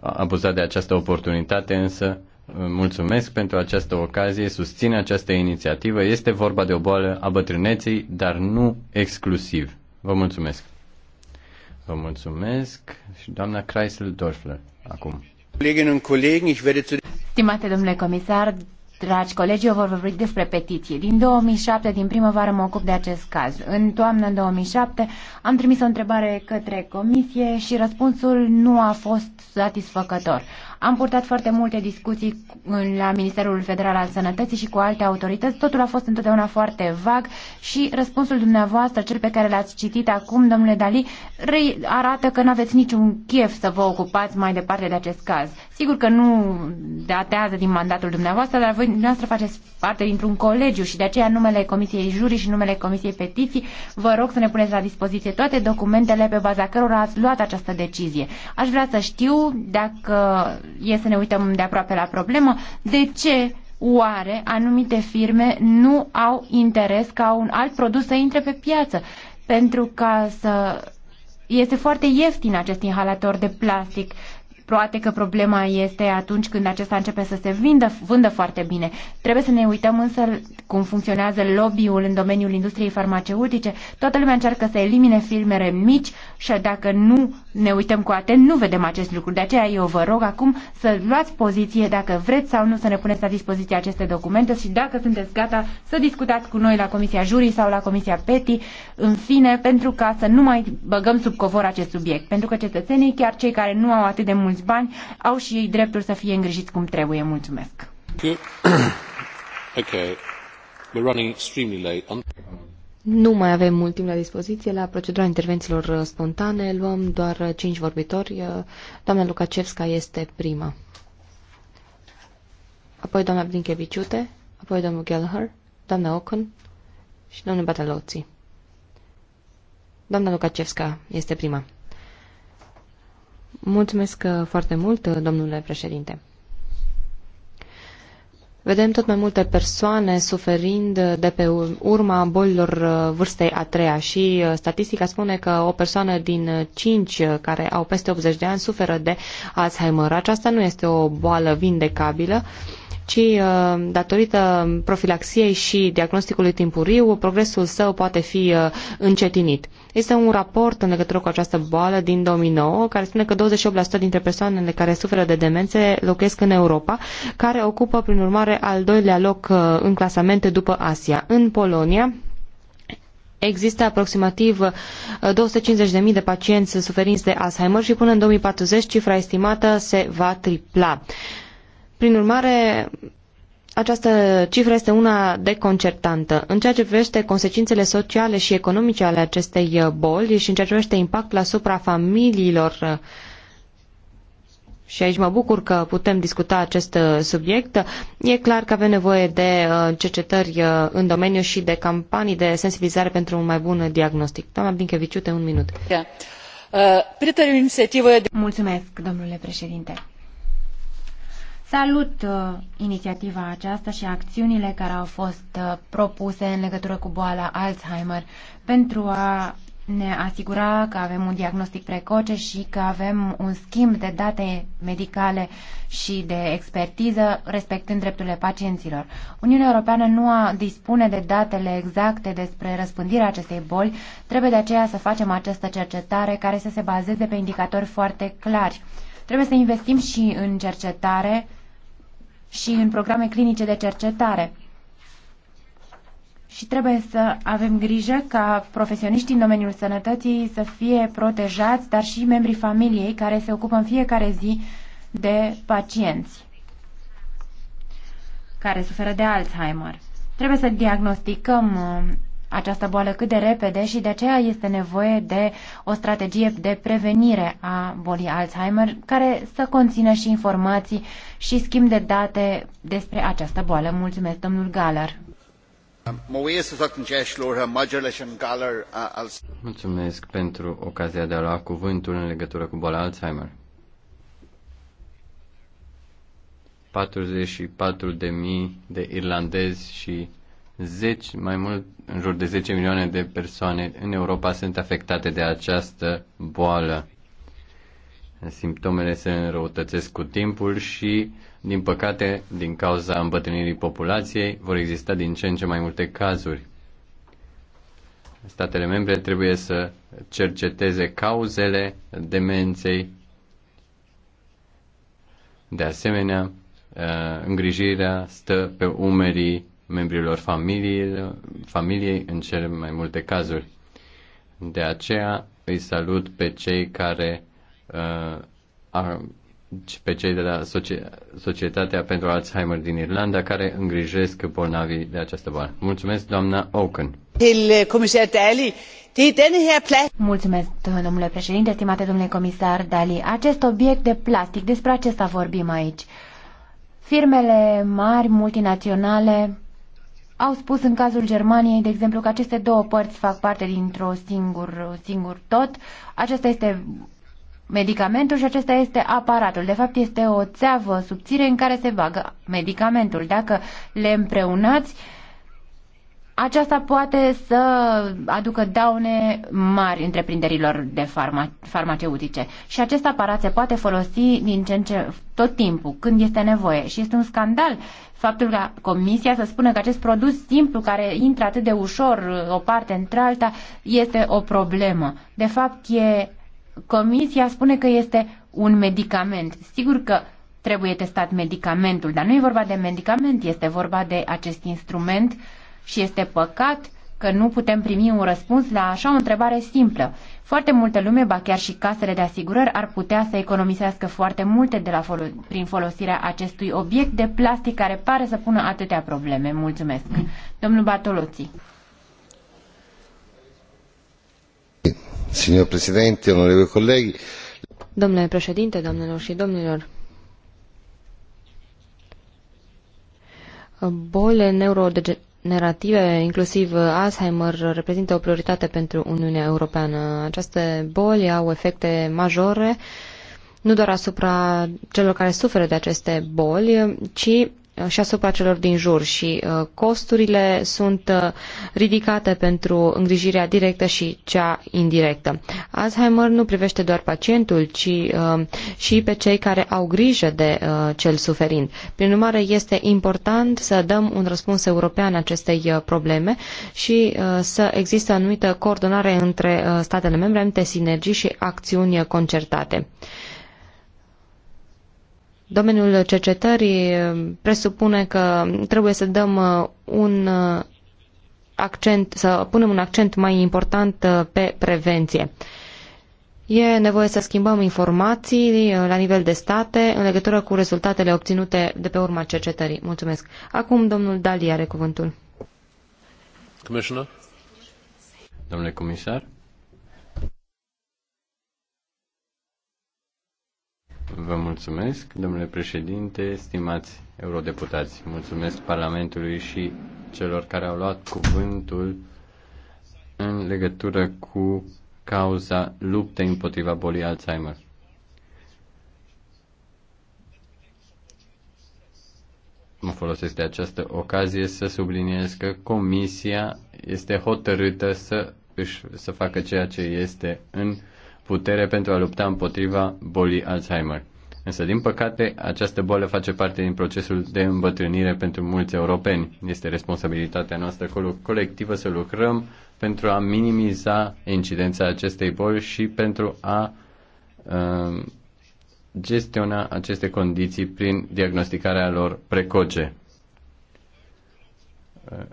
abuza de această oportunitate, însă mulțumesc pentru această ocazie, susțin această inițiativă. Este vorba de o boală a bătrâneței, dar nu exclusiv. Vă mulțumesc. Vă mulțumesc și doamna Kreisel Dorfler acum. Stimate domnule comisar, Dragi colegi, eu vor vorbi despre petiție. Din 2007, din primăvară, mă ocup de acest caz. În toamnă în 2007 am trimis o întrebare către comisie și răspunsul nu a fost satisfăcător. Am purtat foarte multe discuții la Ministerul Federal al Sănătății și cu alte autorități. Totul a fost întotdeauna foarte vag și răspunsul dumneavoastră, cel pe care l-ați citit acum, domnule Dali, arată că nu aveți niciun chef să vă ocupați mai departe de acest caz. Sigur că nu datează din mandatul dumneavoastră, dar voi dumneavoastră faceți parte dintr-un colegiu și de aceea numele Comisiei Juri și numele Comisiei Petiții vă rog să ne puneți la dispoziție toate documentele pe baza cărora ați luat această decizie. Aș vrea să știu dacă e să ne uităm de aproape la problemă, de ce oare anumite firme nu au interes ca un alt produs să intre pe piață? Pentru ca să... Este foarte ieftin acest inhalator de plastic Poate că problema este atunci când acesta începe să se vindă, vândă foarte bine. Trebuie să ne uităm însă cum funcționează lobby-ul în domeniul industriei farmaceutice. Toată lumea încearcă să elimine filmele mici și dacă nu ne uităm cu atent, nu vedem acest lucru. De aceea eu vă rog acum să luați poziție dacă vreți sau nu să ne puneți la dispoziție aceste documente și dacă sunteți gata să discutați cu noi la Comisia Jurii sau la Comisia PETI, în fine, pentru ca să nu mai băgăm sub covor acest subiect. Pentru că cetățenii, chiar cei care nu au atât de mult mulți bani, au și ei dreptul să fie îngrijiți cum trebuie. Mulțumesc! Okay. We're running extremely late. On... Nu mai avem mult timp la dispoziție. La procedura intervențiilor uh, spontane luăm doar uh, cinci vorbitori. Uh, doamna Lukacevska este prima. Apoi doamna Blinkeviciute, apoi domnul Gallagher, doamna Ocon și domnul Bataloții. Doamna Lukacevska este prima. Mulțumesc uh, foarte mult, uh, domnule președinte. Vedem tot mai multe persoane suferind uh, de pe urma bolilor vârstei a treia și statistica spune că o persoană din cinci care au peste 80 de ani suferă de Alzheimer. Aceasta nu este o boală vindecabilă, uh, ci uh, datorită profilaxiei și diagnosticului timpuriu, progresul său poate fi uh, încetinit. Este un raport în legătură cu această boală din 2009 care spune că 28% dintre persoanele care suferă de demențe locuiesc în Europa, care ocupă prin urmare al doilea loc uh, în clasamente după Asia. În Polonia, Există aproximativ 250.000 de pacienți suferinți de Alzheimer și până în 2040 cifra estimată se va tripla. Prin urmare, această cifră este una deconcertantă. În ceea ce privește consecințele sociale și economice ale acestei boli și în ceea ce privește impactul asupra familiilor și aici mă bucur că putem discuta acest subiect. E clar că avem nevoie de uh, cercetări uh, în domeniu și de campanii de sensibilizare pentru un mai bun diagnostic. Doamna Binkeviciute, un minut. Mulțumesc, domnule președinte. Salut uh, inițiativa aceasta și acțiunile care au fost uh, propuse în legătură cu boala Alzheimer pentru a ne asigura că avem un diagnostic precoce și că avem un schimb de date medicale și de expertiză respectând drepturile pacienților. Uniunea Europeană nu a dispune de datele exacte despre răspândirea acestei boli, trebuie de aceea să facem această cercetare care să se bazeze pe indicatori foarte clari. Trebuie să investim și în cercetare și în programe clinice de cercetare. Și trebuie să avem grijă ca profesioniștii în domeniul sănătății să fie protejați, dar și membrii familiei care se ocupă în fiecare zi de pacienți care suferă de Alzheimer. Trebuie să diagnosticăm uh, această boală cât de repede și de aceea este nevoie de o strategie de prevenire a bolii Alzheimer care să conțină și informații și schimb de date despre această boală. Mulțumesc, domnul Galar. Uh, uh, Mulțumesc pentru ocazia de a lua cuvântul în legătură cu boala Alzheimer. 44.000 de irlandezi și 10, mai mult în jur de 10 milioane de persoane în Europa sunt afectate de această boală. Simptomele se înrăutățesc cu timpul și, din păcate, din cauza îmbătrânirii populației, vor exista din ce în ce mai multe cazuri. Statele membre trebuie să cerceteze cauzele demenței. De asemenea, uh, îngrijirea stă pe umerii membrilor familiei, familiei în cele mai multe cazuri. De aceea îi salut pe cei care uh, pe cei de la Societatea pentru Alzheimer din Irlanda care îngrijesc bolnavii de această boală. Mulțumesc, doamna Oaken. Uh, er Mulțumesc, domnule președinte, stimate domnule comisar Dali. Acest obiect de plastic, despre acesta vorbim aici. Firmele mari, multinaționale, au spus în cazul Germaniei, de exemplu, că aceste două părți fac parte dintr-un singur, singur tot. Acesta este medicamentul și acesta este aparatul. De fapt, este o țeavă subțire în care se bagă medicamentul. Dacă le împreunați, uh, aceasta poate să aducă daune mari întreprinderilor de farma- farmaceutice și acest aparat se poate folosi din ce în ce tot timpul, când este nevoie. Și este un scandal faptul că comisia să spună că acest produs simplu care intră atât de ușor o parte într-alta este o problemă. De fapt, e, comisia spune că este un medicament. Sigur că trebuie testat medicamentul, dar nu e vorba de medicament, este vorba de acest instrument uh, și este păcat că nu putem primi un răspuns la așa o întrebare simplă. Foarte multă lume, ba chiar și casele de asigurări, ar putea să economisească foarte multe de la fol- prin folosirea acestui obiect de plastic care pare să pună atâtea probleme. Mulțumesc. Domnul Bartoloții. Signor Presidente, onorevoli colegi. Domnule președinte, domnilor și domnilor, Boli neurodegenerative neurodegenerative, inclusiv Alzheimer, reprezintă o prioritate pentru Uniunea Europeană. Aceste boli au efecte majore nu doar asupra celor care suferă de aceste boli, ci Uh, și asupra celor din jur și uh, costurile sunt uh, ridicate pentru îngrijirea directă și cea indirectă. Alzheimer nu privește doar pacientul, ci și pe cei care au grijă de cel suferind. Prin urmare, este important să dăm un răspuns european acestei probleme și să există anumită coordonare între statele membre, anumite sinergii și acțiuni concertate domeniul cercetării uh, presupune că trebuie să dăm uh, un uh, accent, să punem un accent mai important pe prevenție. E nevoie să schimbăm informații la nivel de state în legătură cu rezultatele obținute de pe urma cercetării. Mulțumesc. Acum domnul Dali are cuvântul. Domnule comisar? Vă mulțumesc, domnule președinte, stimați eurodeputați. Mulțumesc Parlamentului și celor care au luat cuvântul în legătură cu cauza luptei împotriva bolii Alzheimer. Mă folosesc de această ocazie să subliniez că Comisia este hotărâtă să, își, să facă ceea ce este în uh, putere pentru a lupta împotriva bolii Alzheimer. Însă, din păcate, această boală face parte din procesul de îmbătrânire pentru mulți europeni. Este responsabilitatea noastră colectivă să lucrăm pentru a minimiza incidența acestei boli și pentru a uh, gestiona aceste condiții prin diagnosticarea lor precoce. Uh,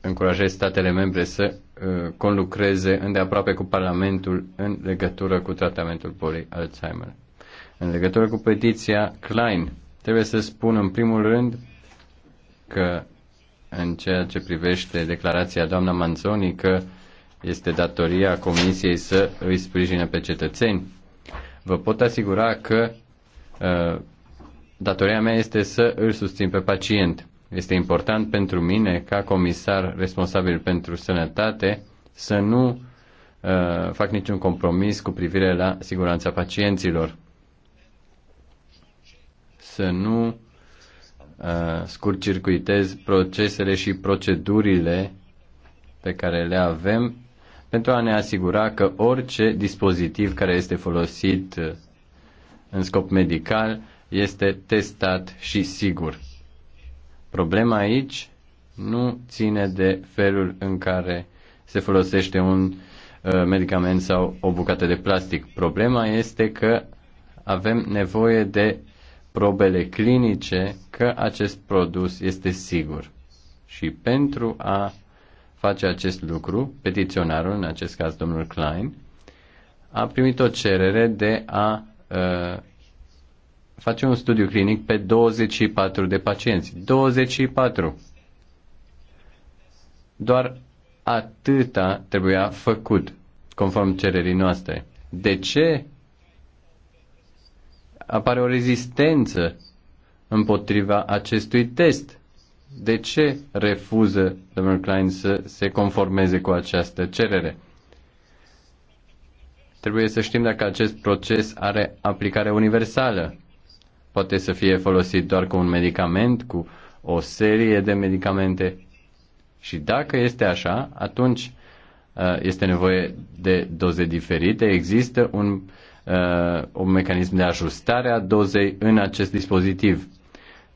încurajez statele membre să Uh, conlucreze îndeaproape cu Parlamentul în legătură cu tratamentul bolii Alzheimer. În legătură cu petiția Klein, trebuie să spun în primul rând că în ceea ce privește declarația doamna Manzoni că este datoria Comisiei să îi sprijine pe cetățeni. Vă pot asigura că uh, datoria mea este să îl susțin pe pacient. Este important pentru mine, ca comisar responsabil pentru sănătate, să nu uh, fac niciun compromis cu privire la siguranța pacienților. Să nu uh, scurcircuitez procesele și procedurile pe care le avem pentru a ne asigura că orice dispozitiv care este folosit uh, în scop medical este testat și sigur. Problema aici nu ține de felul în care se folosește un uh, medicament sau o bucată de plastic. Problema este că avem nevoie de probele clinice că acest produs este sigur. Și pentru a face acest lucru, petiționarul, în acest caz domnul Klein, a primit o cerere de a uh, face un studiu clinic pe 24 de pacienți. 24! Doar atâta trebuia făcut, conform cererii noastre. De ce apare o rezistență împotriva acestui test? De ce refuză domnul Klein să se conformeze cu această cerere? Trebuie să știm dacă acest proces are aplicare universală poate să fie folosit doar cu un medicament, cu o serie de medicamente. Și dacă este așa, atunci uh, este nevoie de doze diferite. Există un, uh, un mecanism de ajustare a dozei în acest dispozitiv.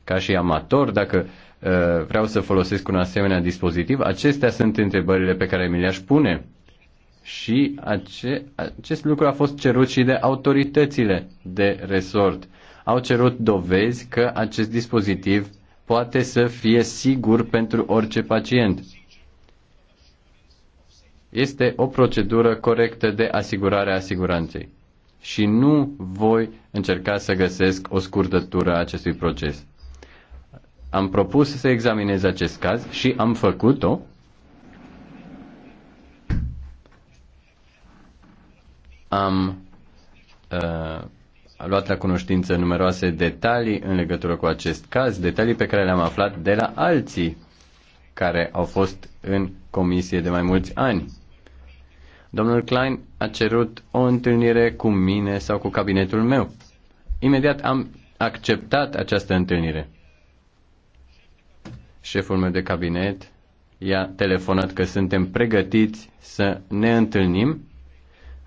Ca și amator, dacă uh, vreau să folosesc un asemenea dispozitiv, acestea sunt întrebările pe care mi le-aș pune. Și ace, acest lucru a fost cerut și de autoritățile de resort. Uh, au cerut dovezi că acest dispozitiv poate să fie sigur pentru orice pacient. Este o procedură corectă de asigurare a siguranței și nu voi încerca să găsesc o scurtătură a acestui proces. Am propus să examinez acest caz și am făcut-o. Am uh, a luat la cunoștință numeroase detalii în legătură cu acest caz, detalii pe care le-am aflat de la alții care au fost în comisie de mai mulți ani. Domnul Klein a cerut o întâlnire cu mine sau cu cabinetul meu. Imediat am acceptat această întâlnire. Șeful meu de cabinet i-a telefonat că suntem pregătiți să ne întâlnim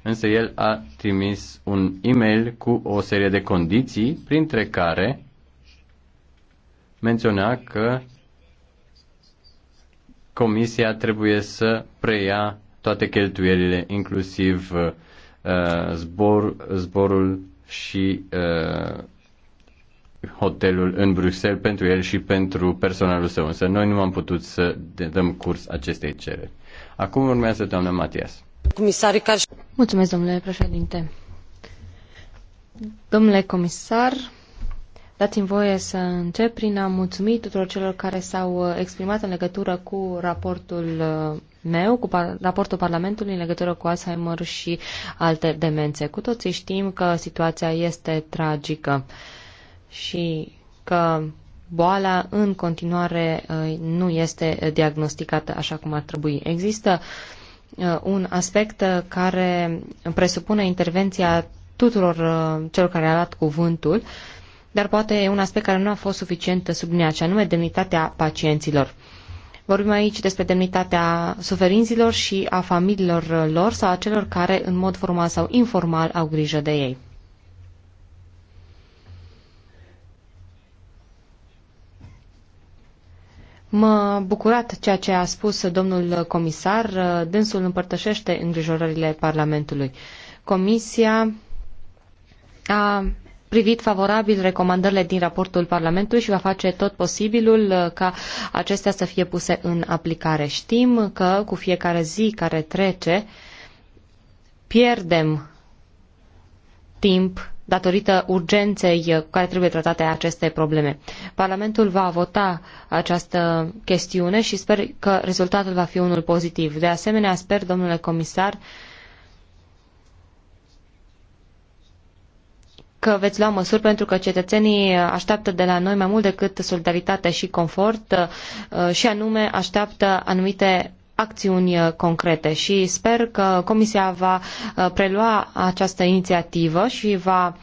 însă el a trimis un e-mail cu o serie de condiții, printre care menționa că comisia trebuie să preia toate cheltuielile, inclusiv uh, zbor, zborul și uh, hotelul în Bruxelles pentru el și pentru personalul său. Însă noi nu am putut să dăm curs acestei cereri. Acum urmează doamna Matias domnule președinte. Domnule comisar, dați-mi voie să încep prin a mulțumi tuturor celor care s-au uh, exprimat în legătură cu raportul uh, meu, cu raportul Parlamentului în legătură cu Alzheimer și alte demențe. Cu toții știm că situația este tragică și că boala în continuare uh, nu este diagnosticată așa cum ar trebui. Există uh, Uh, un aspect uh, care presupune intervenția tuturor uh, celor care au luat cuvântul, dar poate e un aspect care nu a fost suficient subliniat, și anume demnitatea pacienților. Vorbim aici despre demnitatea suferinților și a familiilor lor sau a celor care, în mod formal sau informal, au grijă de ei. M-a bucurat ceea ce a spus domnul comisar. Dânsul împărtășește îngrijorările Parlamentului. Comisia a privit favorabil recomandările din raportul Parlamentului și va face tot posibilul uh, ca acestea să fie puse în aplicare. Știm că cu fiecare zi care trece pierdem timp datorită urgenței cu care trebuie tratate aceste probleme. Parlamentul va vota această chestiune și sper că rezultatul va fi unul pozitiv. De asemenea, sper, domnule comisar, că veți lua măsuri pentru că cetățenii așteaptă de la noi mai mult decât solidaritate și confort uh, și anume așteaptă anumite acțiuni uh, concrete și sper că Comisia va uh, prelua această inițiativă și va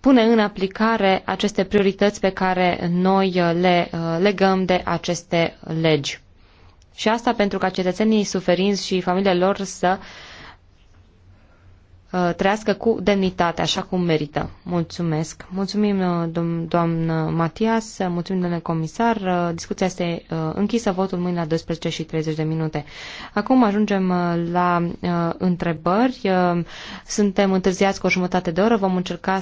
pune în aplicare aceste priorități pe care noi uh, le legăm de aceste legi. Și asta pentru ca cetățenii suferinți și familiile lor să uh, Uh, trăiască cu demnitate, așa cum merită. Mulțumesc. Mulțumim, uh, doamnă Matias, uh, mulțumim, domnule comisar. Discuția este închisă, votul mâine la 12 și 30 de minute. Acum ajungem la întrebări. Suntem întârziați cu o jumătate de oră, vom încerca